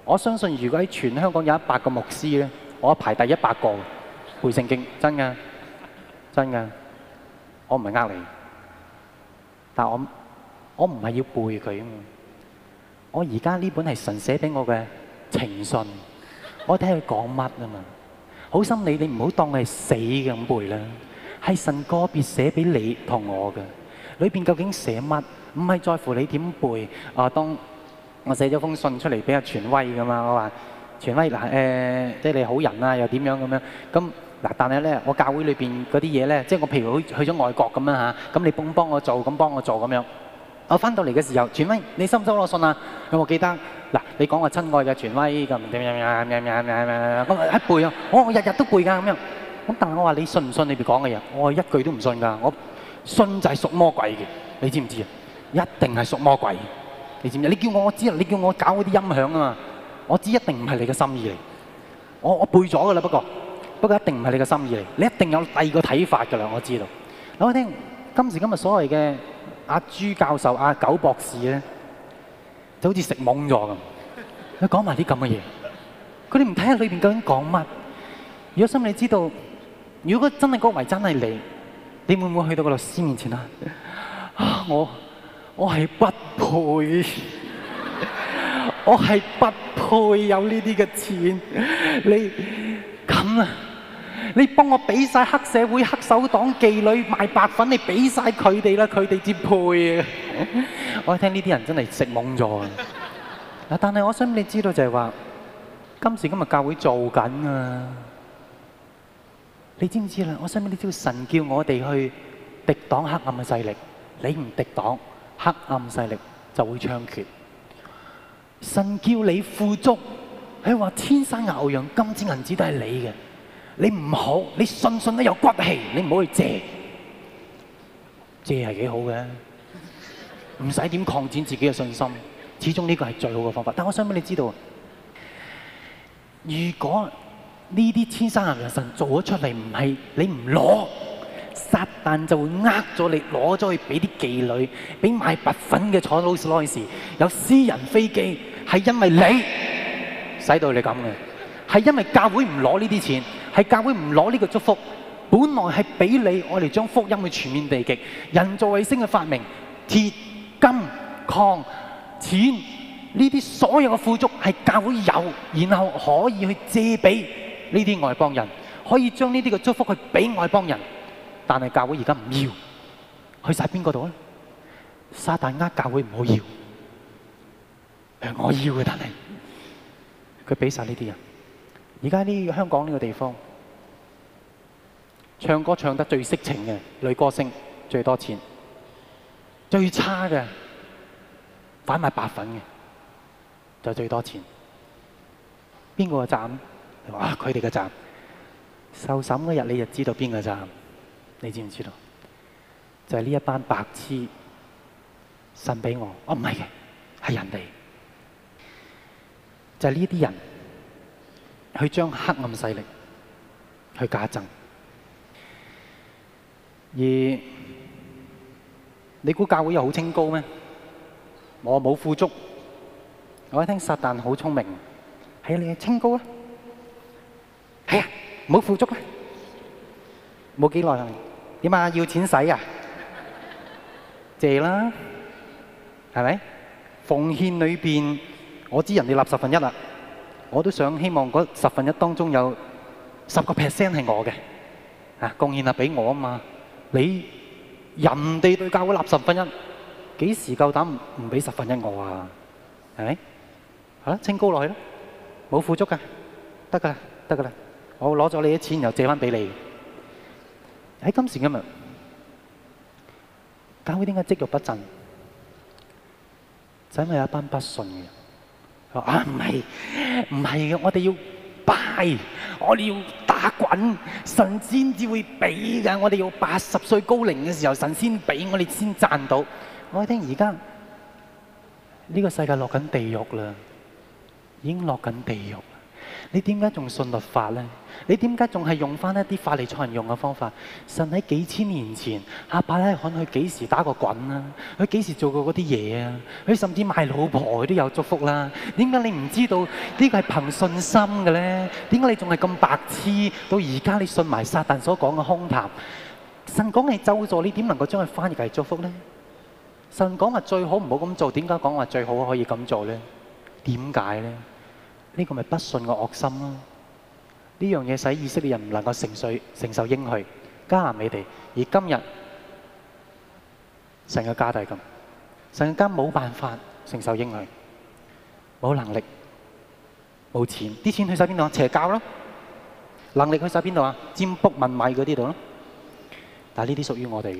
我相信如果喺全香港有一百個牧師咧。我排第一百個背聖經，真噶，真噶，我唔係呃你，但我我唔係要背佢啊嘛，我而家呢本係神寫俾我嘅情信，我睇佢講乜啊嘛。好心你，你唔好當係死咁背啦，係神個別寫俾你同我嘅，裏邊究竟寫乜，唔係在乎你點背。啊，當我寫咗封信出嚟比較權威噶嘛，我話。權威嗱誒，即係你好人啊，又點樣咁樣？咁嗱，但係咧，我教會裏邊嗰啲嘢咧，即係我譬如去去咗外國咁啦嚇，咁你幫幫我做，咁幫我做咁樣。我翻到嚟嘅時候，權威，你收唔收我信啊？咁我記得嗱，你講我親愛嘅權威咁，咩咩咩咩咩咩咩，我一背啊，我我日日都背㗎咁樣。咁但係我話你信唔信你哋講嘅嘢？我一句都唔信㗎，我信就係屬魔鬼嘅，你知唔知啊？一定係屬魔鬼，你知唔知？你叫我我知啦，你叫我搞嗰啲音響啊嘛。我知一定唔係你嘅心意嚟，我我背咗噶啦，不過不過一定唔係你嘅心意嚟，你一定有第二個睇法噶啦，我知道。講開聽，今時今日所謂嘅阿朱教授、阿九博士咧，就好似食懵咗咁，佢講埋啲咁嘅嘢，佢哋唔睇下裏邊究竟講乜。如果心你知道，如果真係嗰個謎真係你，你會唔會去到個老師面前啊？我我係不配。我係不配有呢啲嘅錢，你咁啊！你幫我俾曬黑社會、黑手黨、妓女賣白粉，你俾曬佢哋啦，佢哋至配啊！我聽呢啲人真係食懵咗啊！嗱，但係我想你知道就係話，今時今日教會做緊啊！你知唔知啦？我想你知道，神叫我哋去敵擋黑暗嘅勢力，你唔敵擋黑暗勢力就會猖獗。神叫你富足，佢話：天生牛羊，金錢銀紙都係你嘅。你唔好，你信信都有骨氣，你唔好去借，借係幾好嘅，唔使點擴展自己嘅信心。始終呢個係最好嘅方法。但我想俾你知道，如果呢啲天生牛羊神做咗出嚟，唔係你唔攞，撒旦就會呃咗你，攞咗去俾啲妓女，俾賣白粉嘅坐勞斯萊斯，有私人飛機。係因為你使到你咁嘅，係因為教會唔攞呢啲錢，係教會唔攞呢個祝福，本來係俾你我哋將福音去全面地極，人造衛星嘅發明，鐵、金、礦、錢呢啲所有嘅富足係教會有，然後可以去借俾呢啲外邦人，可以將呢啲嘅祝福去俾外邦人，但係教會而家唔要，去晒邊個度啊？撒但呃教會唔好要。我要嘅，但係佢俾晒呢啲人。而家呢，香港呢個地方，唱歌唱得最色情嘅女歌星最多錢，最差嘅販賣白粉嘅就最多錢，啊。邊、啊、個站？哇！佢哋嘅站。受審嗰日，你就知道邊個站，你知唔知道？就係、是、呢一班白痴信俾我。哦，唔係嘅，係人哋。就係呢啲人去將黑暗勢力去加增，而你估教會又好清高咩？我冇富足，我一聽撒但好聰明，係你清高咧？係啊，冇富足咧，冇幾耐啊？點啊？要錢使啊？借啦，係咪？奉獻裏面。我知人哋立十分一啦，我都想希望嗰十分一當中有十個 percent 係我嘅，啊，貢獻下、啊、俾我啊嘛！你人哋對教會立十分一，幾時夠膽唔俾十分一我啊？係咪？啊，清高落去咯，冇富足噶、啊，得噶啦，得噶啦，我攞咗你啲錢又你，然後借翻俾你。喺今時今日，教會點解積弱不振？就因為一班不順嘅人。啊，唔係，唔係嘅，我哋要拜，我哋要打滾，神仙至會俾噶，我哋要八十歲高齡嘅時候，神仙俾我哋先賺到。我聽而家呢個世界落緊地獄啦，已經落緊地獄。你點解仲信律法咧？你點解仲係用翻一啲法利賽人用嘅方法？神喺幾千年前，亞伯拉罕佢幾時打過滾啊？佢幾時做過嗰啲嘢啊？佢甚至賣老婆，佢都有祝福啦、啊。點解你唔知道呢個係憑信心嘅咧？點解你仲係咁白痴到而家你信埋撒旦所講嘅空談？神講係咒助，你點能夠將佢翻轉嚟祝福咧？神講話最好唔好咁做，點解講話最好可以咁做咧？點解咧？呢個咪不信嘅惡心咯、啊！呢樣嘢使以色列人唔能夠承受承受應許，加難你哋。而今日成個家底咁，成個家冇辦法承受應許，冇能力、冇錢，啲錢去晒邊度？邪教啦！能力去晒邊度啊？佔卜、問米嗰啲度咯。但係呢啲屬於我哋嘅，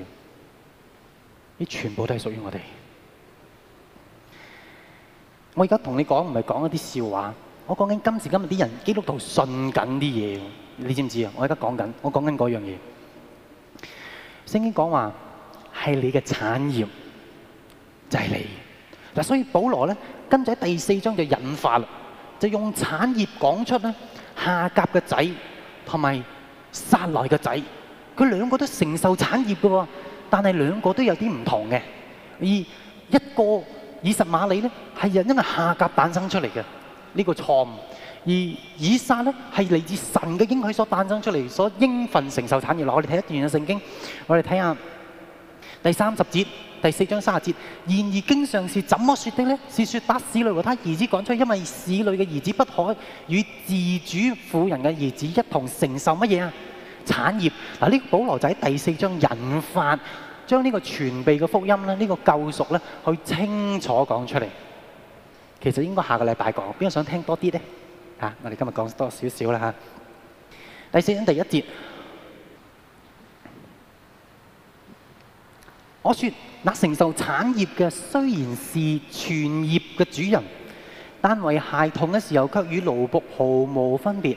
呢全部都係屬於我哋。我而家同你講唔係講一啲笑話。我講緊今時今日啲人，基督徒信緊啲嘢，你知唔知啊？我而家講緊，我講緊嗰樣嘢。聖經講話係你嘅產業，就係你。嗱，所以保羅咧跟住喺第四章就引發啦，就用產業講出咧夏甲嘅仔同埋撒拉嘅仔，佢兩個都承受產業㗎喎，但係兩個都有啲唔同嘅。而一個以實瑪利咧係因因為夏甲誕生出嚟嘅。呢個錯誤，而以撒咧係嚟自神嘅應許所誕生出嚟，所應份承受產業。嗱，我哋睇一段嘅聖經，我哋睇下第三十節第四章三十節。然而經上是怎麼說的呢？是説把使女和他兒子趕出去，因為使女嘅兒子不可與自主婦人嘅兒子一同承受乜嘢啊？產業。嗱，呢、這個保羅就喺第四章引發將呢個全備嘅福音咧，呢、這個救贖咧，去清楚講出嚟。其實應該下個禮拜講，邊個想聽多啲咧？嚇、啊！我哋今日講多少少啦嚇。第四章第一節，我說那承受產業嘅，雖然是全業嘅主人，但為孩童嘅時候，卻與奴僕毫無分別。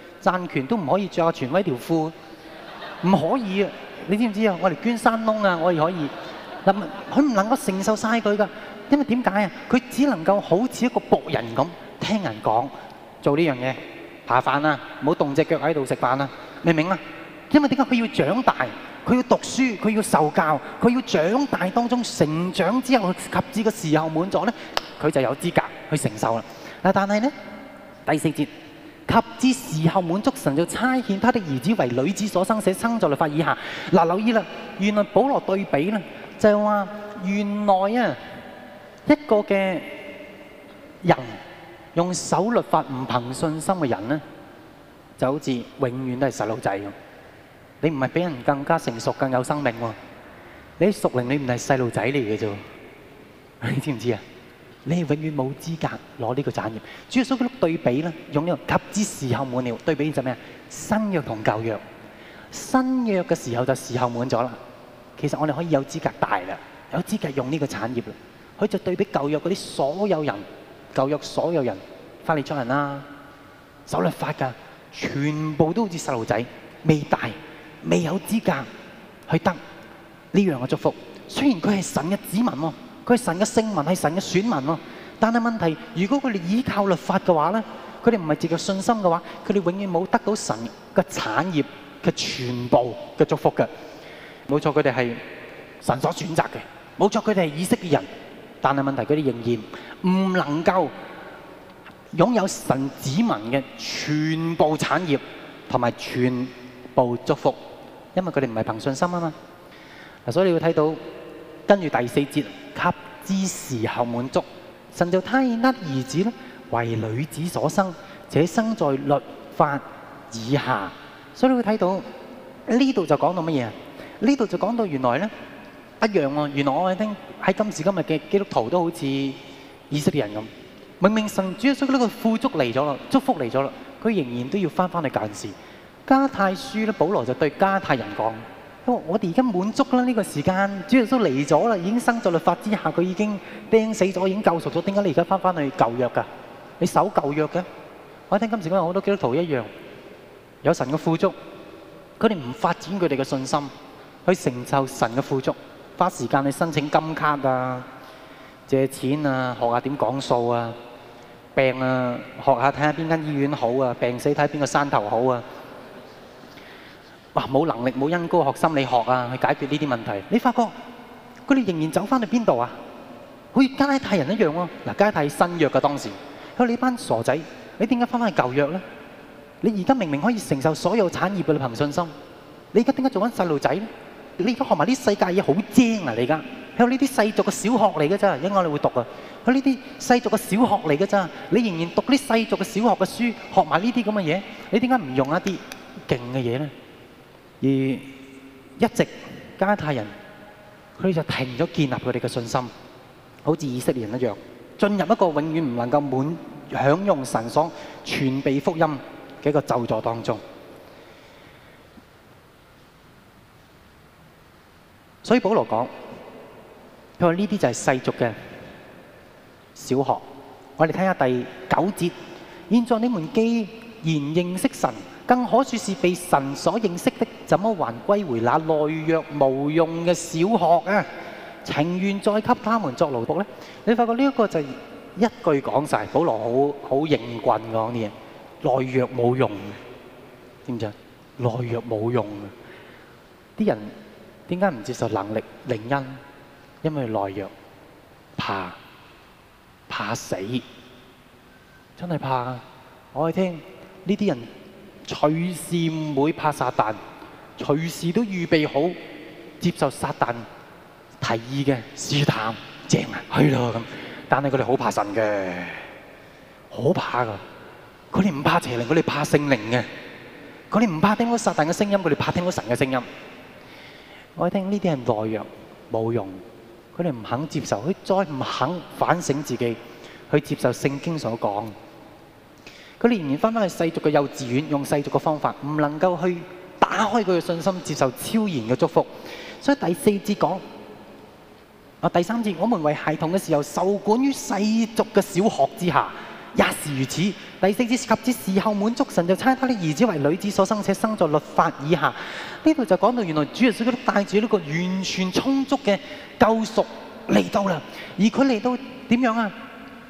賺權都唔可以着下權威條褲，唔可以啊！你知唔知道我捐山啊？我哋捐山窿啊，我哋可以。嗱，佢唔能夠承受曬佢噶，因為點解啊？佢只能夠好似一個僕人咁聽人講，做呢樣嘢，下飯啦、啊，唔好動隻腳喺度食飯啦、啊，明唔明啊？因為點解佢要長大，佢要讀書，佢要受教，佢要長大當中成長之後，及至個時候滿咗咧，佢就有資格去承受啦。嗱，但係咧第四節。及至時候滿足，神就差遣他的兒子，為女子所生，且生在律法以下。嗱，留意啦，原來保羅對比啦，就係話原來啊一個嘅人用手律法唔憑信心嘅人咧，就好似永遠都係細路仔咁。你唔係比人更加成熟、更有生命喎？你啲熟齡你唔係細路仔嚟嘅啫。你知唔知啊？你係永遠冇資格攞呢個產業。主要數據對比咧，用呢、這個及之時候滿了。對比就咩啊？新約同舊約，新約嘅時候就時候滿咗啦。其實我哋可以有資格大啦，有資格用呢個產業啦。佢就對比舊約嗰啲所有人，舊約所有人，法利賽人啦，守律法㗎，全部都好似細路仔，未大，未有資格去得呢樣嘅祝福。雖然佢係神嘅子民喎。佢係神嘅聖民，係神嘅選民，但係問題是如果佢哋依靠律法嘅話咧，佢哋唔係藉著信心嘅話，佢哋永遠冇得到神嘅產業嘅全部嘅祝福嘅。冇錯，佢哋係神所選擇嘅。冇錯，佢哋係以色列人，但係問題是，佢哋仍然唔能夠擁有神子民嘅全部產業同埋全部祝福，因為佢哋唔係憑信心啊嘛。所以你會睇到跟住第四節。及之時候滿足，神就差以得兒子咧，為女子所生，且生在律法以下。所以你會睇到呢度就講到乜嘢？呢度就講到原來咧一樣啊。原來我哋聽喺今時今日嘅基督徒都好似以色列人咁，明明神主耶穌呢個富足嚟咗啦，祝福嚟咗啦，佢仍然都要翻翻去幹事。加太書咧，保羅就對加太人講。哦、我哋而家滿足啦，呢、這個時間主耶穌都嚟咗啦，已經生咗律法之下，佢已經釘死咗，已經救贖咗。點解你而家翻返去舊約噶？你守舊約嘅？我、哎、聽今時今日好多基督徒一樣，有神嘅富足，佢哋唔發展佢哋嘅信心，去承受神嘅富足，花時間去申請金卡啊、借錢啊、學下點講數啊、病啊、學下睇下邊間醫院好啊、病死睇下邊個山頭好啊。哇！冇、哦、能力冇恩高學心理學啊，去解決呢啲問題。你發覺佢哋仍然走翻去邊度啊？好似加拉太人一樣咯、啊。加拉太是新約嘅當時，佢話你班傻仔，你點解翻翻去舊約咧？你而家明明可以承受所有產業嘅憑信心，你而家點解做緊細路仔咧？你而家學埋啲世界嘢好精啊！你而家喺呢啲世俗嘅小學嚟嘅咋？應該你會讀啊？喺呢啲世俗嘅小學嚟嘅咋？你仍然讀啲世俗嘅小學嘅書，學埋呢啲咁嘅嘢，你點解唔用一啲勁嘅嘢咧？而一直加太人，佢哋就停咗建立佢哋嘅信心，好似以色列人一樣，進入一個永遠唔能夠滿享用神所全備福音嘅一個咒詛當中。所以保羅講，佢話呢啲就係世俗嘅小學。我哋睇下第九節，現在你們既然認識神。更可說是被神所認識的，怎麼還歸回那懦弱無用嘅小學啊？情願再給他們作奴僕咧？你發覺呢一個就是一句講晒，保羅好好硬棍講啲嘢，懦弱冇用的，知唔知啊？懦弱冇用啊！啲人點解唔接受能力靈恩？因為懦弱，怕怕死，真係怕。我哋聽呢啲人。隨時唔會怕撒旦，隨時都預備好接受撒旦提議嘅試探，正啊，係咯咁。但係佢哋好怕神嘅，好怕噶。佢哋唔怕邪靈，佢哋怕聖靈嘅。佢哋唔怕聽到撒旦嘅聲音，佢哋怕聽到神嘅聲音。我聽呢啲係懦弱，冇用。佢哋唔肯接受，佢再唔肯反省自己，去接受聖經所講。佢年年翻返去世俗嘅幼稚園，用世俗嘅方法，唔能夠去打開佢嘅信心，接受超然嘅祝福。所以第四節講啊，第三節，我們為孩童嘅時候受管於世俗嘅小學之下，也是如此。第四節，及至時候滿足，神就差他的兒子，為女子所生，且生在律法以下。呢度就講到原來主耶穌都帶住呢個完全充足嘅救贖嚟到啦，而佢嚟到點樣啊？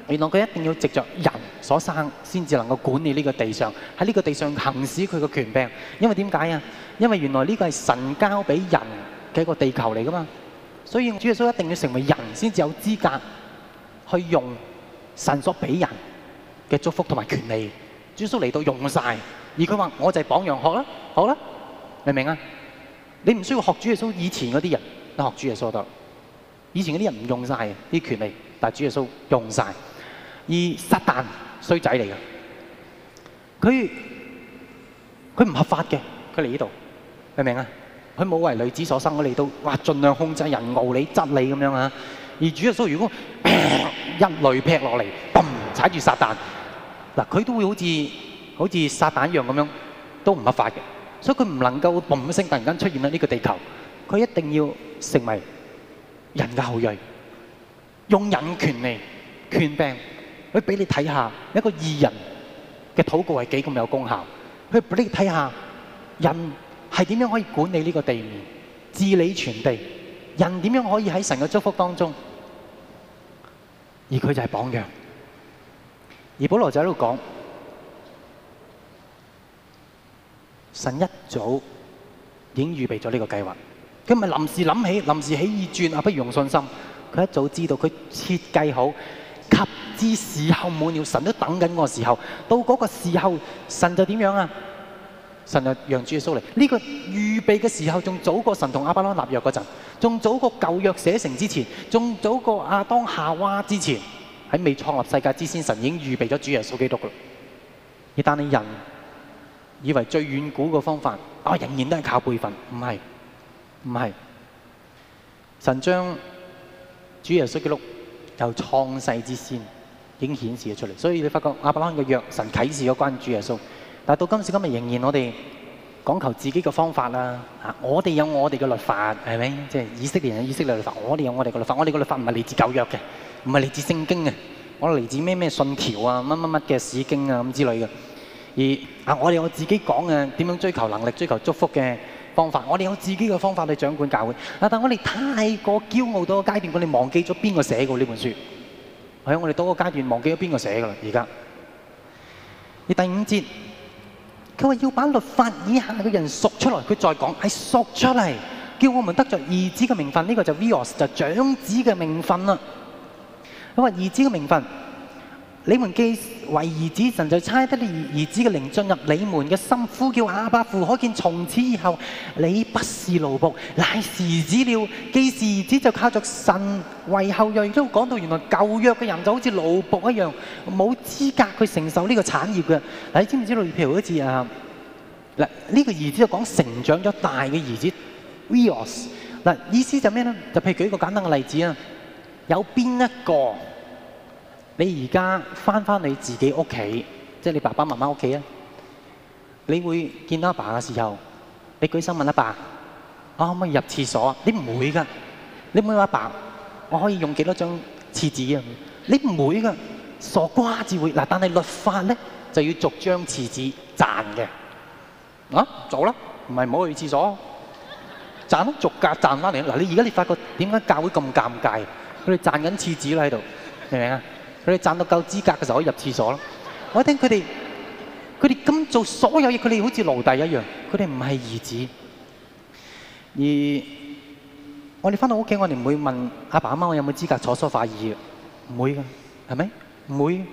原來佢一定要藉着人所生，先至能夠管理呢個地上，喺呢個地上行使佢嘅權柄。因為點解啊？因為原來呢個係神交俾人嘅一個地球嚟噶嘛。所以主耶穌一定要成為人，先至有資格去用神所俾人嘅祝福同埋權利。主耶穌嚟到用晒，而佢話：我就係榜樣學啦，好啦，明唔明啊？你唔需要學主耶穌以前嗰啲人，你學主耶穌得。以前嗰啲人唔用晒啲權利，但係主耶穌用晒。而撒旦衰仔嚟㗎，佢佢唔合法嘅，佢嚟呢度明唔明啊？佢冇為女子所生，佢嚟到哇，儘量控制人傲你、窒你咁樣啊！而主要，所以如果一雷劈落嚟，嘣，踩住撒旦嗱，佢都會好似好似撒旦一樣咁樣，都唔合法嘅，所以佢唔能夠嘣一聲突然間出現喺呢個地球，佢一定要成為人嘅後裔，用人權嚟權柄。佢俾你睇下一個義人嘅禱告係幾咁有功效。佢俾你睇下人係點樣可以管理呢個地面、治理全地，人點樣可以喺神嘅祝福當中，而佢就係榜樣。而保羅就喺度講，神一早已經預備咗呢個計劃。佢咪臨時諗起、臨時起意轉啊！不用信心，佢一早知道，佢設計好。及至時候滿了，神都等緊我的時候。到嗰個時候，神就點樣啊？神就讓主耶穌嚟。呢、這個預備嘅時候仲早過神同亞伯拉罕立約嗰陣，仲早過舊約寫成之前，仲早過亞當夏娃之前。喺未創立世界之前，神已經預備咗主耶穌基督啦。但係人以為最遠古個方法，我、哦、仍然都係靠輩分，唔係唔係。神將主耶穌基督，由創世之先已經顯示咗出嚟，所以你發覺亞伯拉罕嘅約神啟示咗關注耶穌，但係到今時今日仍然我哋講求自己嘅方法啦，嚇我哋有我哋嘅律法係咪？即係以色列人嘅以色列律法，我哋有我哋嘅律法，我哋嘅律法唔係嚟自舊約嘅，唔係嚟自聖經嘅，我嚟自咩咩信條啊乜乜乜嘅史經啊咁之類嘅，而啊我哋我自己講嘅點樣追求能力、追求祝福嘅。方法，我哋有自己嘅方法去掌管教會。但係我哋太過驕傲到，到個階段我哋忘記咗邊個寫過呢本書。喺我哋到個階段忘記咗邊個寫噶啦。而家，而第五節，佢話要把律法以下嘅人贖出嚟，佢再講，係贖出嚟，叫我們得着兒子嘅名分。呢、這個就是 vios 就長子嘅名分啦。佢話兒子嘅名分。你們既為兒子，神就差得你兒子嘅靈進入你們嘅心，呼叫阿爸，父。可見從此以後，你不是奴僕，乃是兒子了。既是兒子，就靠著神為後裔。亦都講到原來舊約嘅人就好似奴僕一樣，冇資格去承受呢個產業嘅。你知唔知道？譬如好似啊，嗱、這、呢個兒子就講成長咗大嘅兒子。v 嗱意思就咩咧？就譬如舉一個簡單嘅例子啊，有邊一個？你而家返返你自己屋企，即係你爸爸媽媽屋企啊，你會見到阿爸嘅時候，你舉手問阿爸,爸：我可唔可以入廁所啊？你唔會㗎，你唔會話阿爸,爸，我可以用幾多張廁紙啊？你唔會㗎，傻瓜至會但係律法呢，就要逐張廁紙賺嘅，啊？，做啦，唔係唔好去廁所，賺啦，逐格賺翻嚟。你而家你發覺點解教會咁尷尬？佢哋賺緊廁紙喺度，明唔明白？佢哋賺到夠資格嘅時候，可以入廁所。我一聽佢哋，佢哋噉做所有嘢，佢哋好似奴隸一樣，佢哋唔係兒子。而我哋返到屋企，我哋唔會問阿爸阿媽，我有冇有資格坐梳化椅，唔會噶，係咪？唔會的，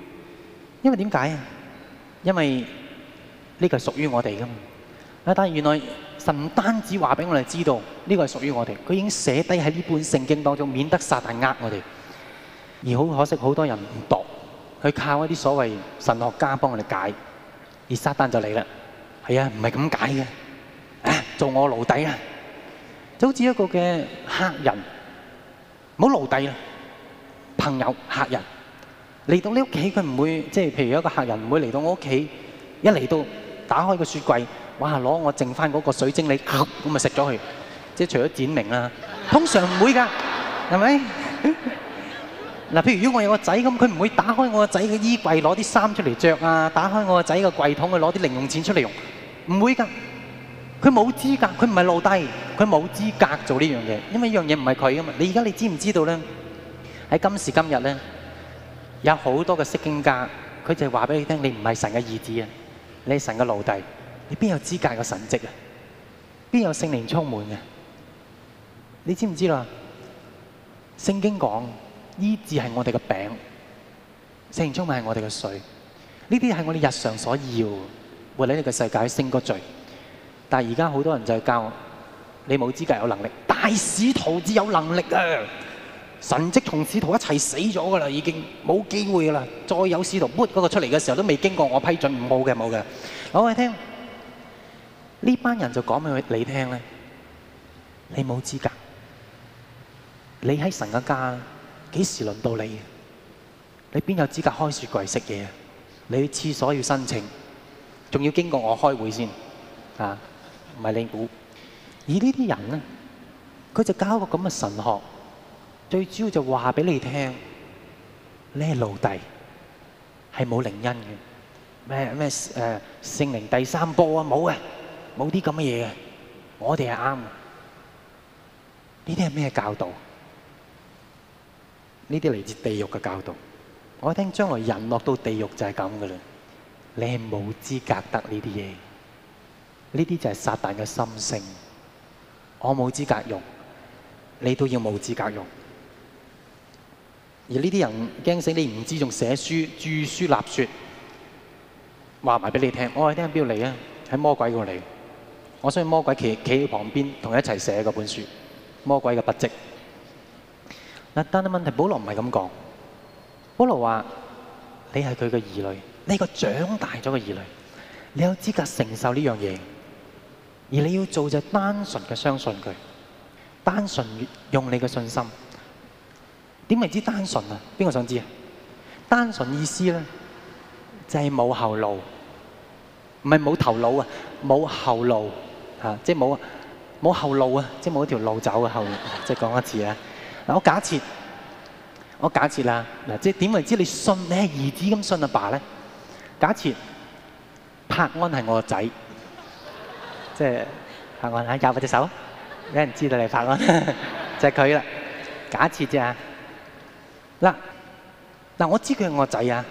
因為點解啊？因為呢個係屬於我哋噶。但係原來神唔單止話俾我哋知道呢個係屬於我哋，佢已經寫低喺呢本聖經當中，免得撒但呃我哋。而好可惜，好多人唔讀，去靠一啲所謂神學家幫我哋解，而撒但就嚟啦。係啊，唔係咁解嘅，做我奴隸啊！就好似一個嘅客人，唔好奴隸啊，朋友、客人嚟到你屋企，佢唔會即係譬如一個客人唔會嚟到我屋企，一嚟到打開個雪櫃，哇攞我剩翻嗰個水晶梨，咁咪食咗佢。即係除咗展明啦，通常唔會㗎，係咪？嗱，譬如如果我有個仔咁，佢唔會打開我個仔嘅衣櫃攞啲衫出嚟着啊，打開我個仔嘅櫃桶去攞啲零用錢出嚟用，唔會噶。佢冇資格，佢唔係奴隸，佢冇資格做呢樣嘢，因為呢樣嘢唔係佢噶嘛。你而家你知唔知道咧？喺今時今日咧，有好多嘅聖經家，佢就話俾你聽：你唔係神嘅兒子啊，你係神嘅奴隸，你邊有資格嘅神蹟啊？邊有聖靈充滿啊，你知唔知道啊？聖經講。醫治係我哋嘅餅，聖靈充滿係我哋嘅水，呢啲係我哋日常所要，活喺呢個世界勝過罪。但係而家好多人就教我你冇資格有能力，大使徒只有能力啊！神蹟從使徒一齊死咗噶啦，已經冇機會噶啦，再有使徒 p 嗰個出嚟嘅時候都未經過我批准，冇嘅冇嘅。攞去聽呢班人就講俾你聽咧，你冇資格，你喺神嘅家，幾時輪到你？你邊有資格開雪櫃食嘢？你去廁所要申請，仲要經過我開會先，嚇唔係你估？而這些呢啲人咧，佢就教一個咁嘅神學，最主要就話俾你聽，你係奴隸，係冇靈恩嘅，咩咩，誒，聖靈第三波啊，冇嘅，冇啲咁嘅嘢嘅，我哋係啱。呢啲係咩教導？呢啲嚟自地獄嘅教導，我聽將來人落到地獄就係咁噶啦，你係冇資格得呢啲嘢，呢啲就係撒旦嘅心聲，我冇資格用，你都要冇資格用，而呢啲人驚死你唔知道，仲寫書注書立説，話埋俾你聽，哎，我係聽邊個嚟啊？係魔鬼過嚟，我需要魔鬼企企喺旁邊，同佢一齊寫嗰本書，魔鬼嘅筆跡。但係問題，保羅唔係咁講。保羅話：你係佢嘅兒女，你個長大咗嘅兒女，你有資格承受呢樣嘢。而你要做就單純嘅相信佢，單純用你嘅信心。點為之單純啊？邊個想知啊？單純意思咧，就係冇後路，唔係冇頭腦啊，冇後路啊，即係冇冇後路啊，即係冇一條路走嘅後，即係講一次啊！ 我假設，我假設啦，即係點為之？你信你係兒子咁信阿爸咧？假設柏安係我個仔，即係柏安啊，夾我隻手，俾人知道你柏安， 就係佢啦。假設啫啊，嗱，嗱，我知佢係我個仔啊，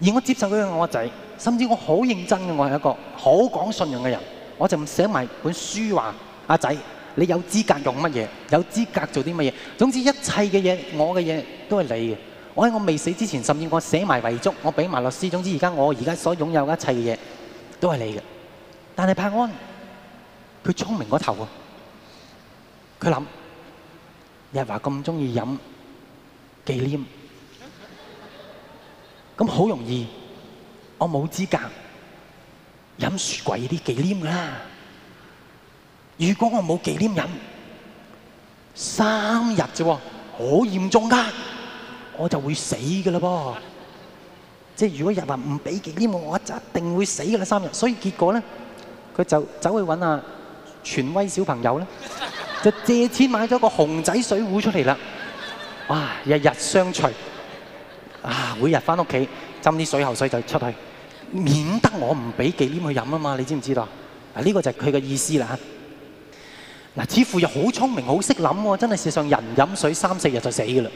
而我接受佢係我個仔，甚至我好認真嘅，我係一個好講信用嘅人，我就寫埋本書話阿仔。你有資格用乜嘢？有資格做啲乜嘢？總之一切嘅嘢，我嘅嘢都係你嘅。我喺我未死之前，甚至我寫埋遺囑，我俾埋律師。總之而家我而家所擁有嘅一切嘅嘢，都係你嘅。但係柏安，佢聰明過頭啊。佢諗日華咁中意飲忌廉，咁好容易，我冇資格飲雪櫃啲忌廉啦。如果我冇忌廉飲三日咋喎，好嚴重㗎，我就會死㗎喇噃！即係如果日話唔俾忌廉，我就一定會死㗎喇。三日。所以結果呢，佢就走去揾阿傳威小朋友咧，就借錢買咗個熊仔水壺出嚟喇哇！日日相隨，啊、每日返屋企斟啲水喉水就出去，免得我唔俾忌廉去飲吖嘛！你知唔知道？啊、這呢個就係佢嘅意思啦。似乎又好聰明，好識諗喎，真係事實上人飲水三四日就死嘅嘞，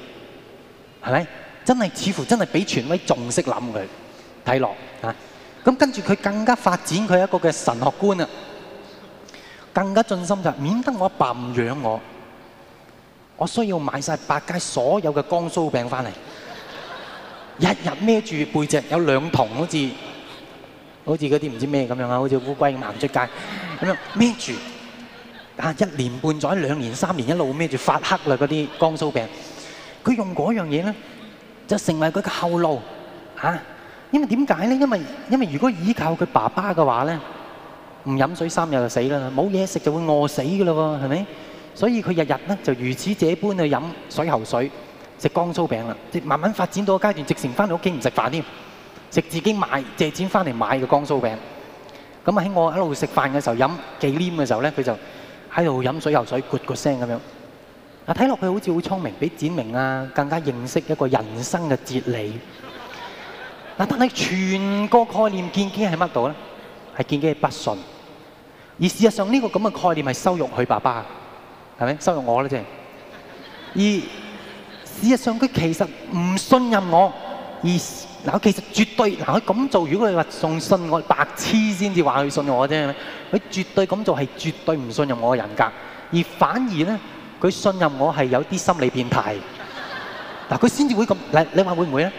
係咪？真係似乎真係比權威仲識諗佢，睇落嚇。咁跟住佢更加發展，佢一個嘅神學觀啊，更加盡心就係、免得我阿爸唔養我，我需要買晒百佳所有嘅江蘇餅翻嚟，日日孭住背脊有兩桶，好似好似嗰啲唔知咩咁樣啊，好似烏龜咁行出街咁樣孭住。嚇一年半載，兩年三年一路孭住發黑啦，嗰啲江蘇餅。佢用嗰樣嘢咧，就成為佢嘅後路嚇。因為點解咧？因為因為如果依靠佢爸爸嘅話咧，唔飲水三日就死啦，冇嘢食就會餓死噶啦喎，係咪？所以佢日日咧就如此這般去飲水喉水，食江蘇餅啦，慢慢發展到個階段，直情翻到屋企唔食飯添，食自己買借錢翻嚟買嘅江蘇餅。咁啊喺我一路食飯嘅時候飲忌廉嘅時候咧，佢就～喺度飲水游水，啜個聲咁樣。啊，睇落去好似好聰明，比展明啊更加認識一個人生嘅哲理。嗱， 但係全個概念見機喺乜度咧？係見機不順。而事實上呢個咁嘅概念係羞辱佢爸爸，係咪羞辱我咧？啫。而事實上佢其實唔信任我，而嗱，其實絕對嗱，佢咁做，如果你話仲信我，白痴先至話佢信我啫。佢絕對咁做係絕對唔信任我嘅人格，而反而咧佢信任我係有啲心理變態。嗱，佢先至會咁，你你話會唔會咧？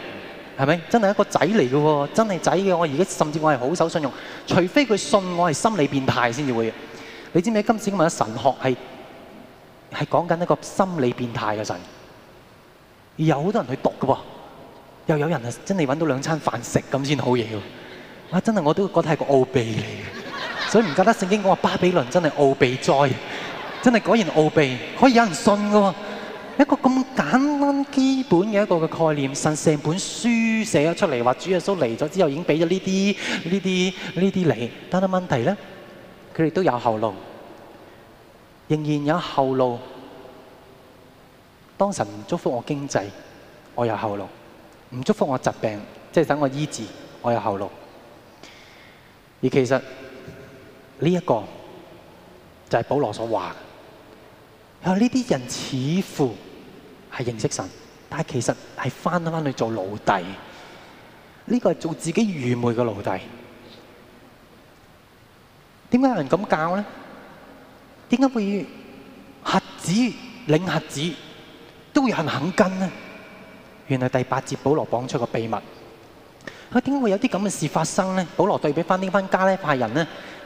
係咪真係一個仔嚟嘅喎？真係仔嘅，我而家甚至我係好守信用，除非佢信我係心理變態先至會。你知唔知今次今日嘅神學係係講緊一個心理變態嘅神？而有好多人去讀嘅喎，又有人啊真係搵到兩餐飯食咁先好嘢喎！啊，真係我都覺得係個奧秘嚟嘅。所以唔覺得聖經講話巴比倫真係奧秘災，真係果然奧秘，可以有人信㗎喎。一個咁簡單基本嘅一個嘅概念，神成本書寫咗出嚟，話主耶穌嚟咗之後已經俾咗呢啲、呢啲、呢啲嚟。但係問題咧，佢哋都有後路，仍然有後路。當神唔祝福我經濟，我有後路；唔祝福我疾病，即係等我醫治，我有後路。而其實，呢一個就係保羅所話，佢話呢啲人似乎係認識神，但係其實係翻得翻去做奴隸。呢個係做自己愚昧嘅奴隸。點解有人咁教咧？點解會瞎子領瞎子都會有人肯跟咧？原來第八節保羅講出個秘密。佢點解會有啲咁嘅事發生咧？保羅對比翻呢翻加呢派人咧。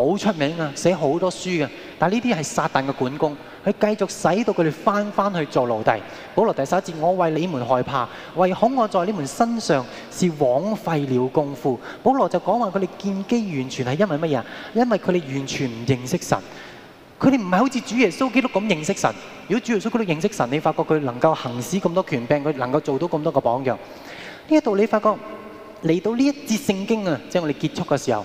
好出名啊，寫好多書啊。但係呢啲係撒旦嘅管工，佢繼續使到佢哋翻翻去做奴隸。保羅第十一節，我為你們害怕，惟恐我在你們身上是枉費了功夫。保羅就講話佢哋見機完全係因為乜嘢？因為佢哋完全唔認識神，佢哋唔係好似主耶穌基督咁認識神。如果主耶穌基督認識神，你發覺佢能夠行使咁多權柄，佢能夠做到咁多個榜樣。呢度你發覺嚟到呢一節聖經啊，即係我哋結束嘅時候。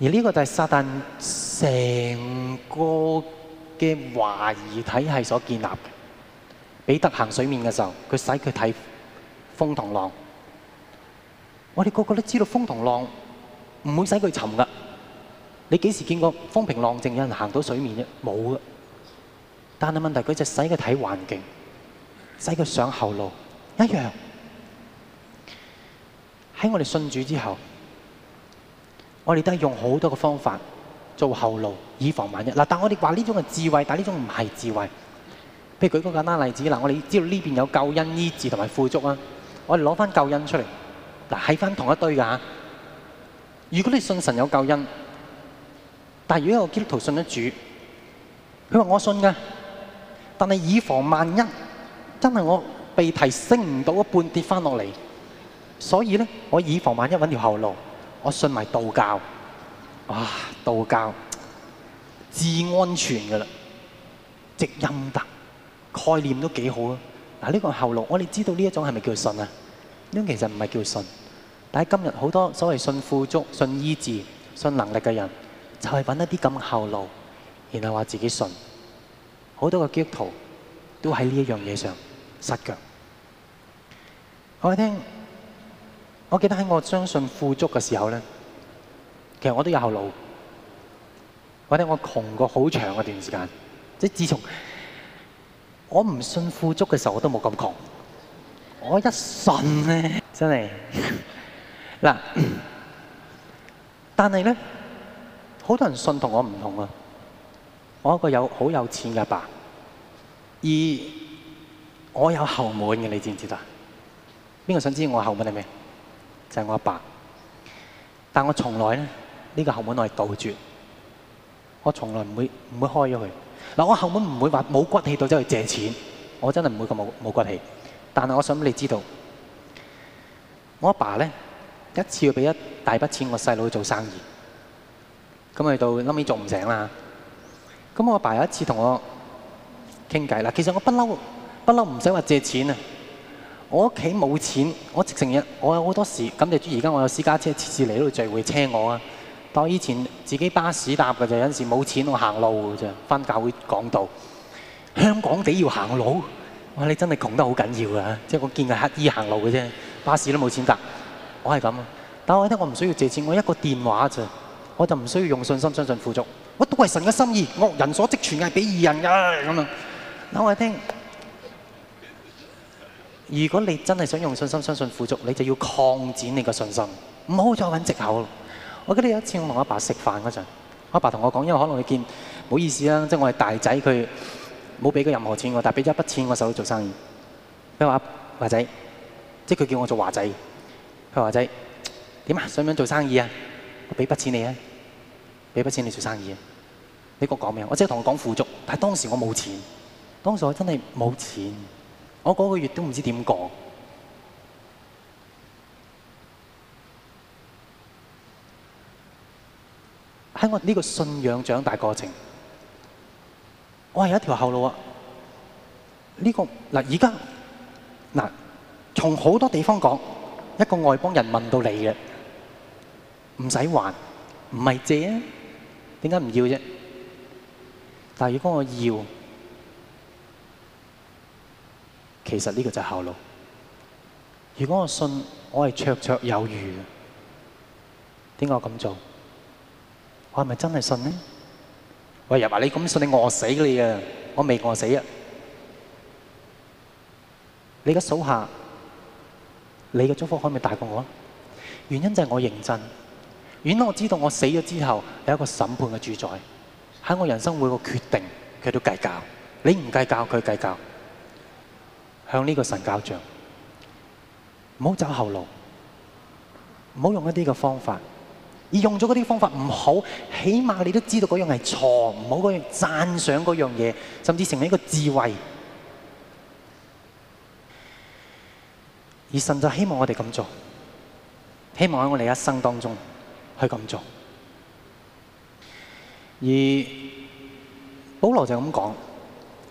而呢個就係撒旦成個嘅懷疑體系所建立嘅。彼得行水面嘅時候，佢使佢睇風同浪。我哋個個都知道風同浪唔會使佢沉㗎。你幾時見過風平浪靜有人行到水面啫？冇。但係問題佢就使佢睇環境，使佢上後路一樣。喺我哋信主之後。我哋都係用好多嘅方法做後路，以防萬一。但我哋話呢種係智慧，但呢種唔係智慧。譬如舉個簡單的例子，我哋知道呢邊有救恩醫治同埋富足啊，我哋攞返救恩出嚟，嗱係返同一堆㗎。如果你信神有救恩，但係如果我基督徒信得主，佢話我信㗎，但係以防萬一，真係我被提升唔到一半跌翻落嚟，所以呢，我以防萬一揾條後路。我信埋道教，啊，道教至安全噶啦，積陰德，概念都幾好啊。嗱，呢個後路，我哋知道呢一種係咪叫信啊？呢種其實唔係叫信，但係今日好多所謂信富足、信醫治、信能力嘅人，就係、是、揾一啲咁嘅後路，然後話自己信。好多嘅基督徒都喺呢一樣嘢上失腳。我聽。我記得喺我相信富足嘅時候咧，其實我都有後路。或者我窮過好長嘅一段時間，即係自從我唔信富足嘅時候，我都冇咁窮。我一信咧，真係嗱。 但係咧，好多人信我唔唔同我唔同啊！我一個有好有錢嘅爸爸，而我有後門嘅，你知唔知道？邊個想知我後門係咩？就係我阿爸，但我從來咧，呢個後門我係杜絕，我從來唔會唔會開咗佢。嗱，我後門唔會話冇骨氣到走去借錢，我真係唔會咁冇冇骨氣。但係我想俾你知道，我阿爸咧，一次要俾一大筆錢我細佬去做生意，咁去到後尾做唔成啦。咁我阿爸有一次同我傾偈啦，其實我不嬲，不嬲唔使話借錢啊。我屋企冇錢，我直成日我有好多時咁。你而家我有私家車，次次嚟呢度聚會車我啊。但我以前自己巴士搭嘅，就有陣時冇錢，我行路嘅啫。翻教會講到，香港地要行路，我話你真係窮得好緊要啊！即係我見個乞兒行路嘅啫，巴士都冇錢搭。我係咁，但我覺得我唔需要借錢，我一個電話咋，我就唔需要用信心相信富足。我都係神嘅心意，惡人所積存嘅係俾義人嘅咁啊，等我一聽。如果你真係想用信心相信富足，你就要擴展你個信心，唔好再搵藉口。我記得有一次我同阿爸食飯嗰陣，阿爸同我講，因為可能你見唔好意思啦，即係我係大仔，佢冇俾過任何錢我，但係俾咗一筆錢我手度做生意。佢話華仔，即係佢叫我做華仔。佢話華仔點啊？想唔想做生意啊？我俾筆錢你啊，俾筆錢你做生意。你嗰講咩？我即係同佢講富足，但係當時我冇錢，當時我真係冇錢。我嗰個月都唔知點講，喺我呢個信仰長大過程，我係有一條後路啊！呢個嗱，而家嗱，從好多地方講，一個外邦人問到你嘅，唔使還，唔係借啊，點解唔要啫？但係如果我要，其實呢個就係後路。如果我信我是截截，我係綽綽有餘。點解我咁做？我係咪真係信呢？我日話你咁信，你餓死你啊！我未餓死啊。你嘅手下，你嘅祝福可唔可以大過我？原因就係我認真。原來我知道我死咗之後有一個審判嘅主宰，喺我人生每個決定，佢都計較。你唔計較，佢計較。向呢個神交賬，唔好走後路，唔好用一啲嘅方法，而用咗嗰啲方法唔好，起碼你都知道嗰樣係錯，唔好嗰樣讚賞嗰樣嘢，甚至成為一個智慧。而神就希望我哋咁做，希望喺我哋一生當中去咁做。而保羅就咁講：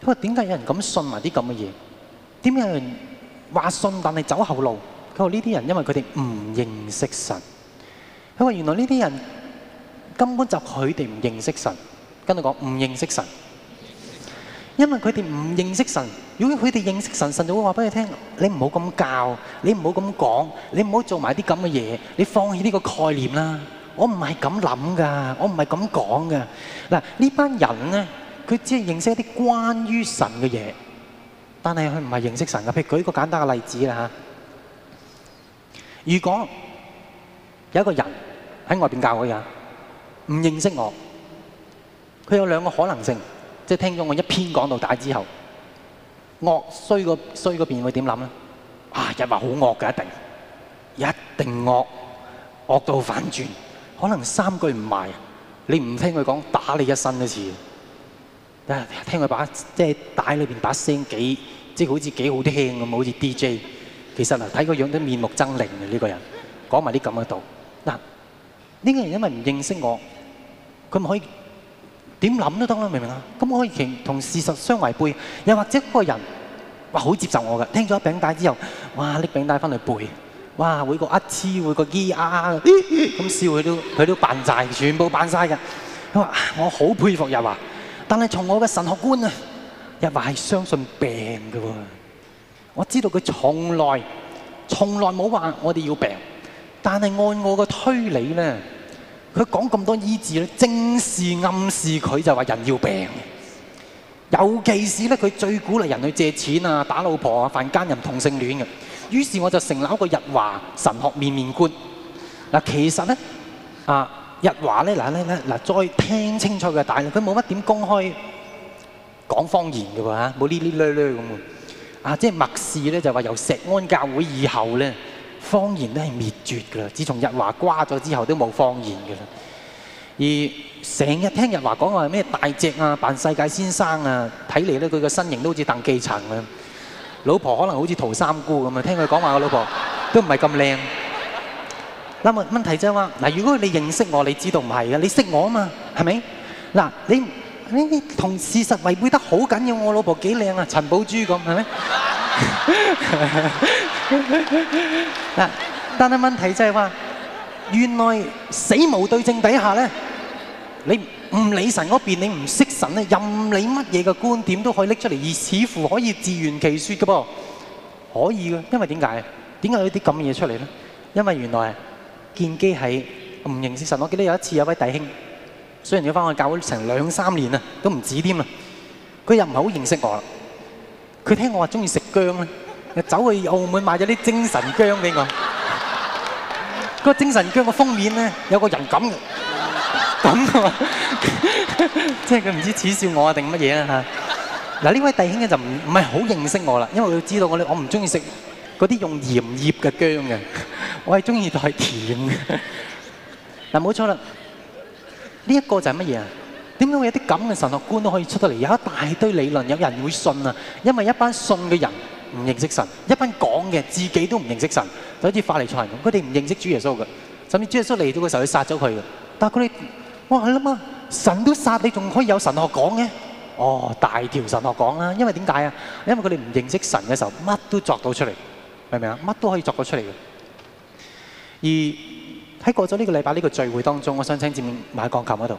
佢話點解有人咁信埋啲咁嘅嘢？點解有人話信但係走後路？佢話呢啲人因為佢哋唔認識神。佢話原來呢啲人根本就佢哋唔認識神。跟住講唔認識神，因為佢哋唔認識神。如果佢哋認識神，神就會話俾你聽：你唔好咁教，你唔好咁講，你唔好做埋啲咁嘅嘢，你放棄呢個概念啦。我唔係咁諗㗎，我唔係咁講㗎。嗱，呢班人咧，佢只係認識一啲關於神嘅嘢。但係佢唔係認識神嘅，譬如舉一個簡單嘅例子。如果有一個人喺外面教嘅人，唔認識我，佢有兩個可能性，即係聽咗我一篇講道打之後，惡衰個衰個邊會點諗咧？啊，一話好惡嘅一定，一定惡，惡到反轉，可能三句唔埋，你唔聽佢講，打你一身都似。啊！聽佢把即係帶裏邊把聲幾即係好似幾好聽咁，好似 DJ。其實啊，睇個樣都面目猙獰嘅呢個人，講埋啲咁嘅道。嗱，呢個人因為唔認識我，佢咪可以點諗都得囉，明唔明啊？咁我可以同事實相違背，又或者嗰個人哇好接受我嘅，聽咗餅帶之後，哇！拎餅帶翻嚟背，哇！會個啊黐，會個 E R，咁笑佢都佢都扮曬，全部扮曬嘅。佢話我好佩服又話。但係從我嘅神學觀啊，日華係相信病嘅喎，啊。我知道佢從來從來冇話我哋要病，但係按我嘅推理咧，佢講咁多醫治咧，正是暗示佢就話人要病。尤其是咧，佢最鼓勵人去借錢啊、打老婆啊、犯奸淫、同性戀嘅。於是我就成立一個日華神學面面觀。嗱，其實咧啊～日華咧嗱咧咧嗱，再聽清楚嘅，但係佢冇乜點公開講方言嘅喎嚇，冇呢呢嘞嘞咁喎，啊即係麥士咧就話由石安教會以後咧，方言都係滅絕㗎啦，自從日華瓜咗之後都冇方言㗎啦，而成日聽日華講話咩大隻啊，扮世界先生啊，睇嚟咧佢個身形都好似鄧寄塵啊，老婆可能好似陶三姑咁啊，聽佢講話個老婆都唔係咁靚。嗱，問題就係話，嗱，如果你認識我，你知道唔係嘅，你識我啊嘛，係咪？嗱，你你同事實違背得好緊要，我老婆幾靚啊，陳寶珠咁，係咪？嗱，但係問題就係話，原來死無對證底下咧，你唔理神嗰邊，你唔識神咧，任你乜嘢嘅觀點都可以拎出嚟，而似乎可以自圓其説嘅噃，可以嘅，因為點解？點解有啲咁嘢出嚟咧？因為原來。見機係我唔認識神，我記得有一次有位弟兄，雖然要翻去教會成兩三年啊，都唔止添啊，佢又唔係好認識我。佢聽我話中意食姜咧，走去澳門買咗啲精神姜俾我。個精神姜個封面咧有個人咁，咁啊，即係佢唔知恥笑我定乜嘢啦嚇。嗱呢位弟兄咧就唔唔係好認識我啦，因為佢知道我咧我唔中意食。嗰啲用鹽醃嘅薑嘅，我係中意帶甜嘅。嗱，冇錯啦，呢一個就係乜嘢啊？點解會有啲咁嘅神學觀都可以出得嚟？有一大堆理論，有人會信啊，因為一班信嘅人唔認識神，一班講嘅自己都唔認識神，就好似法利賽人咁，佢哋唔認識主耶穌嘅，甚至主耶穌嚟到嘅時候要殺咗佢嘅。但係佢哋，哇係諗啊，神都殺你，仲可以有神學講嘅？哦，大條神學講啦，因為點解啊？因為佢哋唔認識神嘅時候，乜都作到出嚟。乜都可以作到出嚟嘅。而喺過咗呢個禮拜呢個聚會當中，我想請前面買鋼琴嗰度。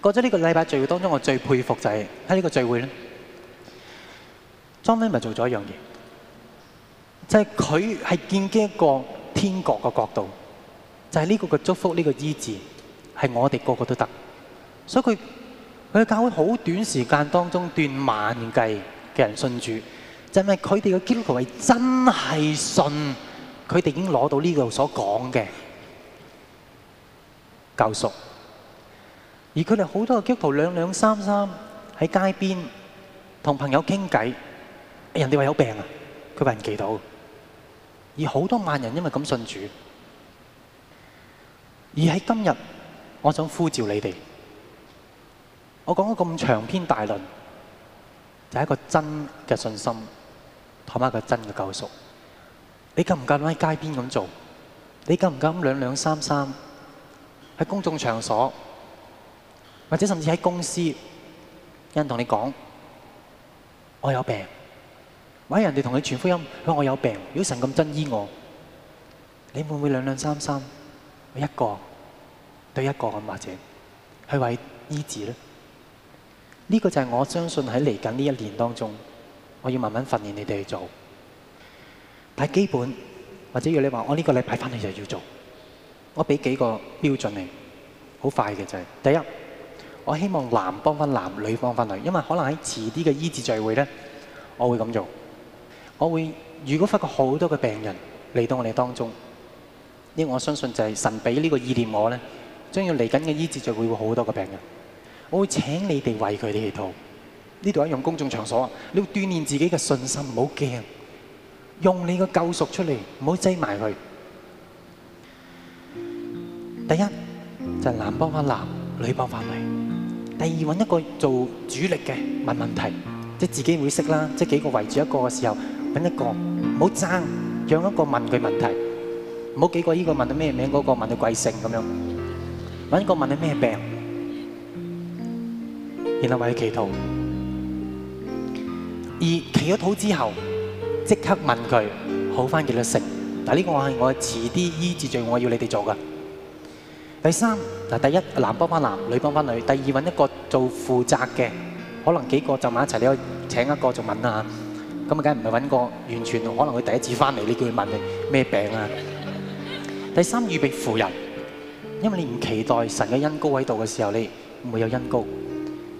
過咗呢個禮拜聚會當中，我最佩服就係喺呢個聚會咧，莊飛咪做咗一樣嘢，就係佢係建基一個天國個角度，就係、是、呢個嘅祝福，呢、這個醫治係我哋個個都得的。所以佢佢嘅教會好短時間當中，斷萬計嘅人信主。就係佢哋嘅基督徒係真係信，佢哋已經攞到呢度所講嘅救贖。而佢哋好多嘅基督徒兩兩三三喺街邊同朋友傾偈，人哋話有病啊，佢俾人祈禱。而好多萬人因為咁信主，而喺今日，我想呼召你哋。我講咗咁長篇大論，就係一個真嘅信心。係咪個真嘅救贖？你夠唔夠膽喺街邊咁做？你夠唔夠膽兩兩三三喺公眾場所，或者甚至喺公司，有人同你講我有病，或者人哋同你傳福音，佢話我有病。如果神咁真醫我，你會唔會兩兩三三，一個對一個咁，或者去為醫治咧？呢、這個就係我相信喺嚟緊呢一年當中。我要慢慢訓練你哋去做，但基本或者要你話，我呢個禮拜翻去就要做。我俾幾個標準你，好快嘅就係第一，我希望男幫翻男，女幫翻女，因為可能喺遲啲嘅醫治聚會咧，我會咁做。我會如果發覺好多嘅病人嚟到我哋當中，因為我相信就係神俾呢個意念我咧，將要嚟緊嘅醫治聚會會好多嘅病人，我會請你哋為佢哋去禱。呢度喺用公眾場所，你要鍛鍊自己嘅信心，唔好驚，用你個救贖出嚟，唔好擠埋佢。第一就係男幫翻男，女幫翻女。第二，揾一個做主力嘅問問題，即係自己會識啦。即係幾個圍住一個嘅時候，揾一個唔好爭，讓一個問佢問題，唔好幾個呢個問佢咩名，嗰個問佢貴姓咁樣，揾一個問佢咩病，然後為佢祈禱。二、祈咗禱之後，即刻問佢好翻幾多成？嗱，呢個係我遲啲醫治罪，我要你哋做㗎。第三，嗱，第一，男幫翻男，女幫翻女。第二，揾一個做負責嘅，可能幾個就埋一齊，你可以請一個就問啊。咁啊，梗係唔係揾個完全可能佢第一次翻嚟，你叫佢問你咩病啊？第三，預備扶人，因為你唔期待神嘅恩膏喺度嘅時候，你唔會有恩膏。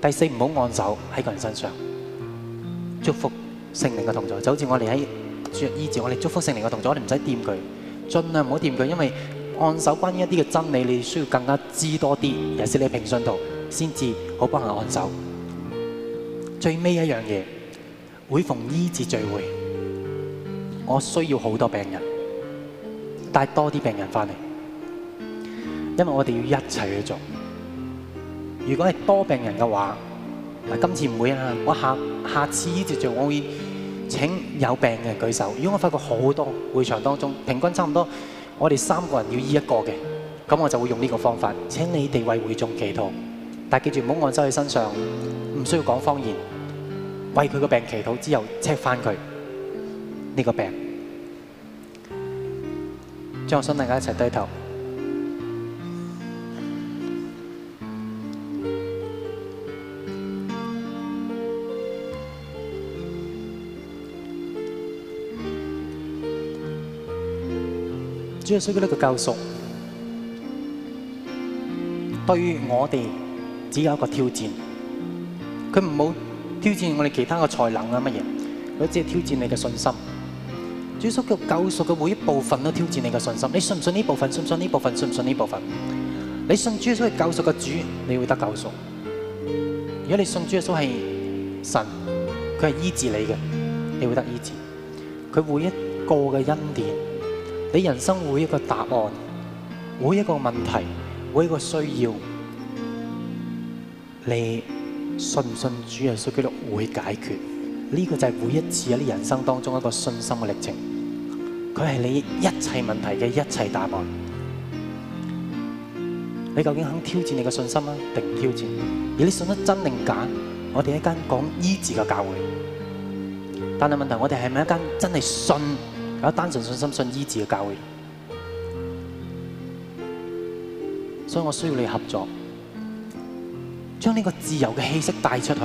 第四，唔好按手喺個人身上。祝福聖靈嘅動作，就好似我哋喺醫治我哋祝福聖靈嘅動作，我哋唔使掂佢，盡量唔好掂佢，因為按手關於一啲嘅真理，你需要更加知多啲，有時你喺憑信度先至好幫人按手。最尾一樣嘢，每逢醫治聚會，我需要好多病人，帶多啲病人翻嚟，因為我哋要一齊去做。如果係多病人嘅話，嗱，今次唔會啊！我下下次依節目，我會請有病嘅舉手。如果我發覺好多會場當中平均差唔多，我哋三個人要醫一個嘅，咁我就會用呢個方法。請你哋為會眾祈禱，但係記住唔好按手喺身上，唔需要講方言，為佢個病祈禱之後，check 翻佢呢個病。將想大家一齊低頭。主耶穌嗰啲嘅救贖，對於我哋只有一個挑戰，佢唔好挑戰我哋其他嘅才能啊乜嘢，佢只係挑戰你嘅信心。主耶穌嘅救贖嘅每一部分都挑戰你嘅信心，你信唔信呢部分？信唔信呢部分？信唔信呢部分？你信主耶穌係救贖嘅主，你會得救贖；如果你信主耶穌係神，佢係醫治你嘅，你會得醫治。佢每一個嘅恩典。你人生每一個答案，每一個問題，每一個需要，你信唔信主耶穌基督會解決？呢個就係每一次喺你人生當中一個信心嘅歷程。佢係你一切問題嘅一切答案。你究竟肯挑戰你嘅信心啊，定唔挑戰？而你信得真定假？我哋係一間講醫治嘅教會，但係問題係我哋係咪一間真係信有單純信心信醫治嘅教會，所以我需要你合作，將呢個自由嘅氣息帶出去。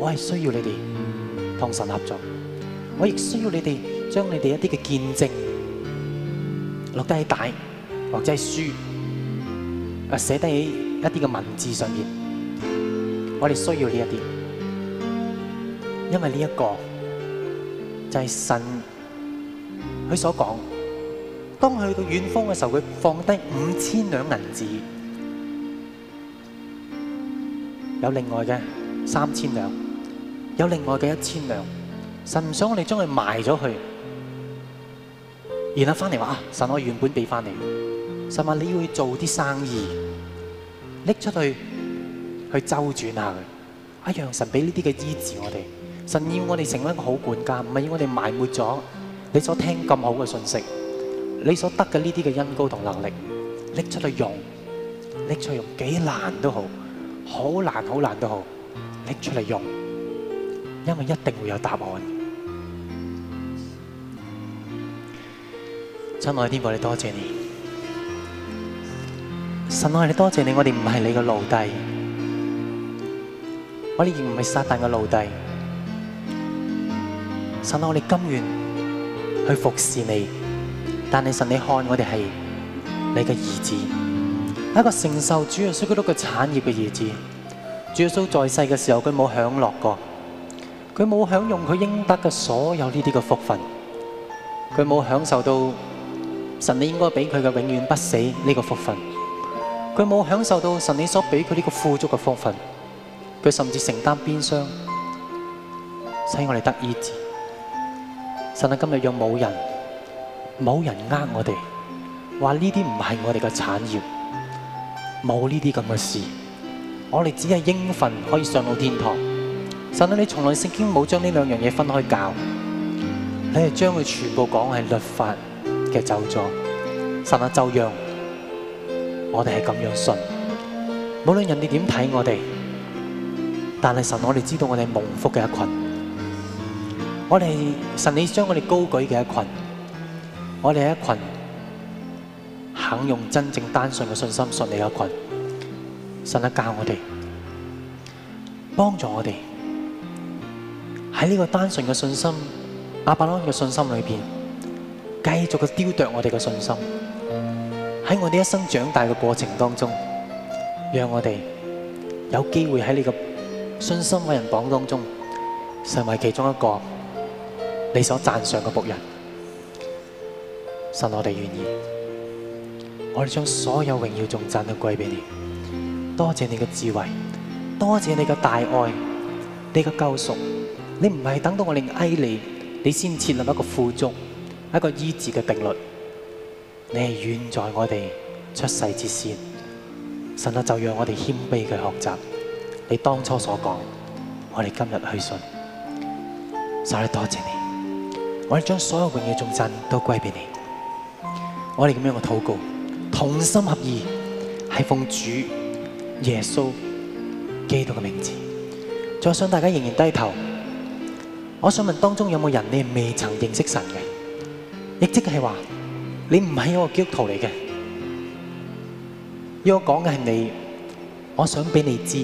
我係需要你哋同神合作，我亦需要你哋將你哋一啲嘅見證錄低喺帶，或者係書啊寫低喺一啲嘅文字上面。我哋需要呢一啲，因為呢一個就係神。佢所講，當去到遠方嘅時候，佢放低五千兩銀紙，有另外嘅三千兩，有另外嘅一千兩。神唔想我哋將佢埋咗去，然後翻嚟話：啊，神，我原本俾翻你。神話你要去做啲生意，拎出去去周轉下佢。一、啊、樣神俾呢啲嘅醫治我哋。神要我哋成為一個好管家，唔係要我哋埋沒咗。你所聽咁好嘅信息，你所得嘅呢啲嘅恩膏同能力，搦出嚟用，搦出嚟用幾難都好，好難好難都好，搦出嚟用，因為一定會有答案。親愛天父，你多謝你，神愛你，多謝你，我哋唔係你嘅奴隸，我哋亦唔係撒旦嘅奴隸，神愛我哋甘願。去服侍你，但係神，你看我哋係你嘅兒子，係一個承受主耶穌基督嘅產業嘅兒子。主耶穌在世嘅時候，佢冇享樂過，佢冇享用佢應得嘅所有呢啲嘅福分，佢冇享受到神你應該俾佢嘅永遠不死呢個福分，佢冇享受到神你所俾佢呢個富足嘅福分，佢甚至承擔鞭傷，使我哋得醫治。神啊，今日若冇人冇人呃我哋，話呢啲唔係我哋嘅產業，冇呢啲咁嘅事，我哋只係應份可以上到天堂。神啊，你從來聖經冇將呢兩樣嘢分開教，你係將佢全部講係律法嘅走咗。神啊，就讓我哋係咁樣信，無論人哋點睇我哋，但係神、啊、我哋知道我哋係蒙福嘅一群。我哋，神，你將我哋高舉嘅一群，我哋係一群肯用真正單純嘅信心信你嘅一群，神啊，教我哋幫助我哋喺呢個單純嘅信心、亞伯拉罕嘅信心裏面，繼續嘅雕琢我哋嘅信心，喺我哋一生長大嘅過程當中，讓我哋有機會喺呢個信心嘅人榜當中成為其中一個。你所讚賞嘅僕人，神，我哋願意，我哋將所有榮耀仲讚都歸俾你。多謝你嘅智慧，多謝你嘅大愛，你嘅救贖。你唔係等到我哋哀你，你先設立一個富足、一個醫治嘅定律。你係遠在我哋出世之先，神啊，就讓我哋謙卑嘅學習你當初所講，我哋今日去信。所以多謝你。我哋將所有榮耀重聖都歸畀你。我哋咁樣嘅禱告，同心合意，係奉主耶穌基督嘅名字。再想大家仍然低頭。我想問當中有冇有人你是未曾認識神嘅？亦即係話你唔係一個基督徒嚟嘅。要我講嘅係你，我想畀你知，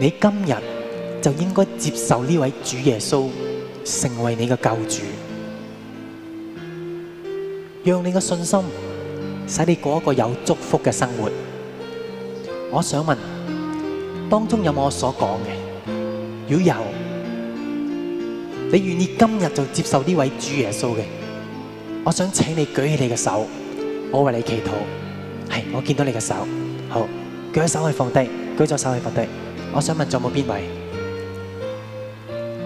你今日就應該接受呢位主耶穌成為你嘅救主。讓你嘅信心使你過一個有祝福嘅生活。我想問，當中有冇我所講嘅？如果有，你願意今日就接受呢位主耶穌嘅？我想請你舉起你嘅手，我為你祈禱。哎，我見到你嘅手。好，舉手可以放低，舉起手可以放低。我想問仲有冇邊位？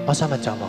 我想問仲有冇？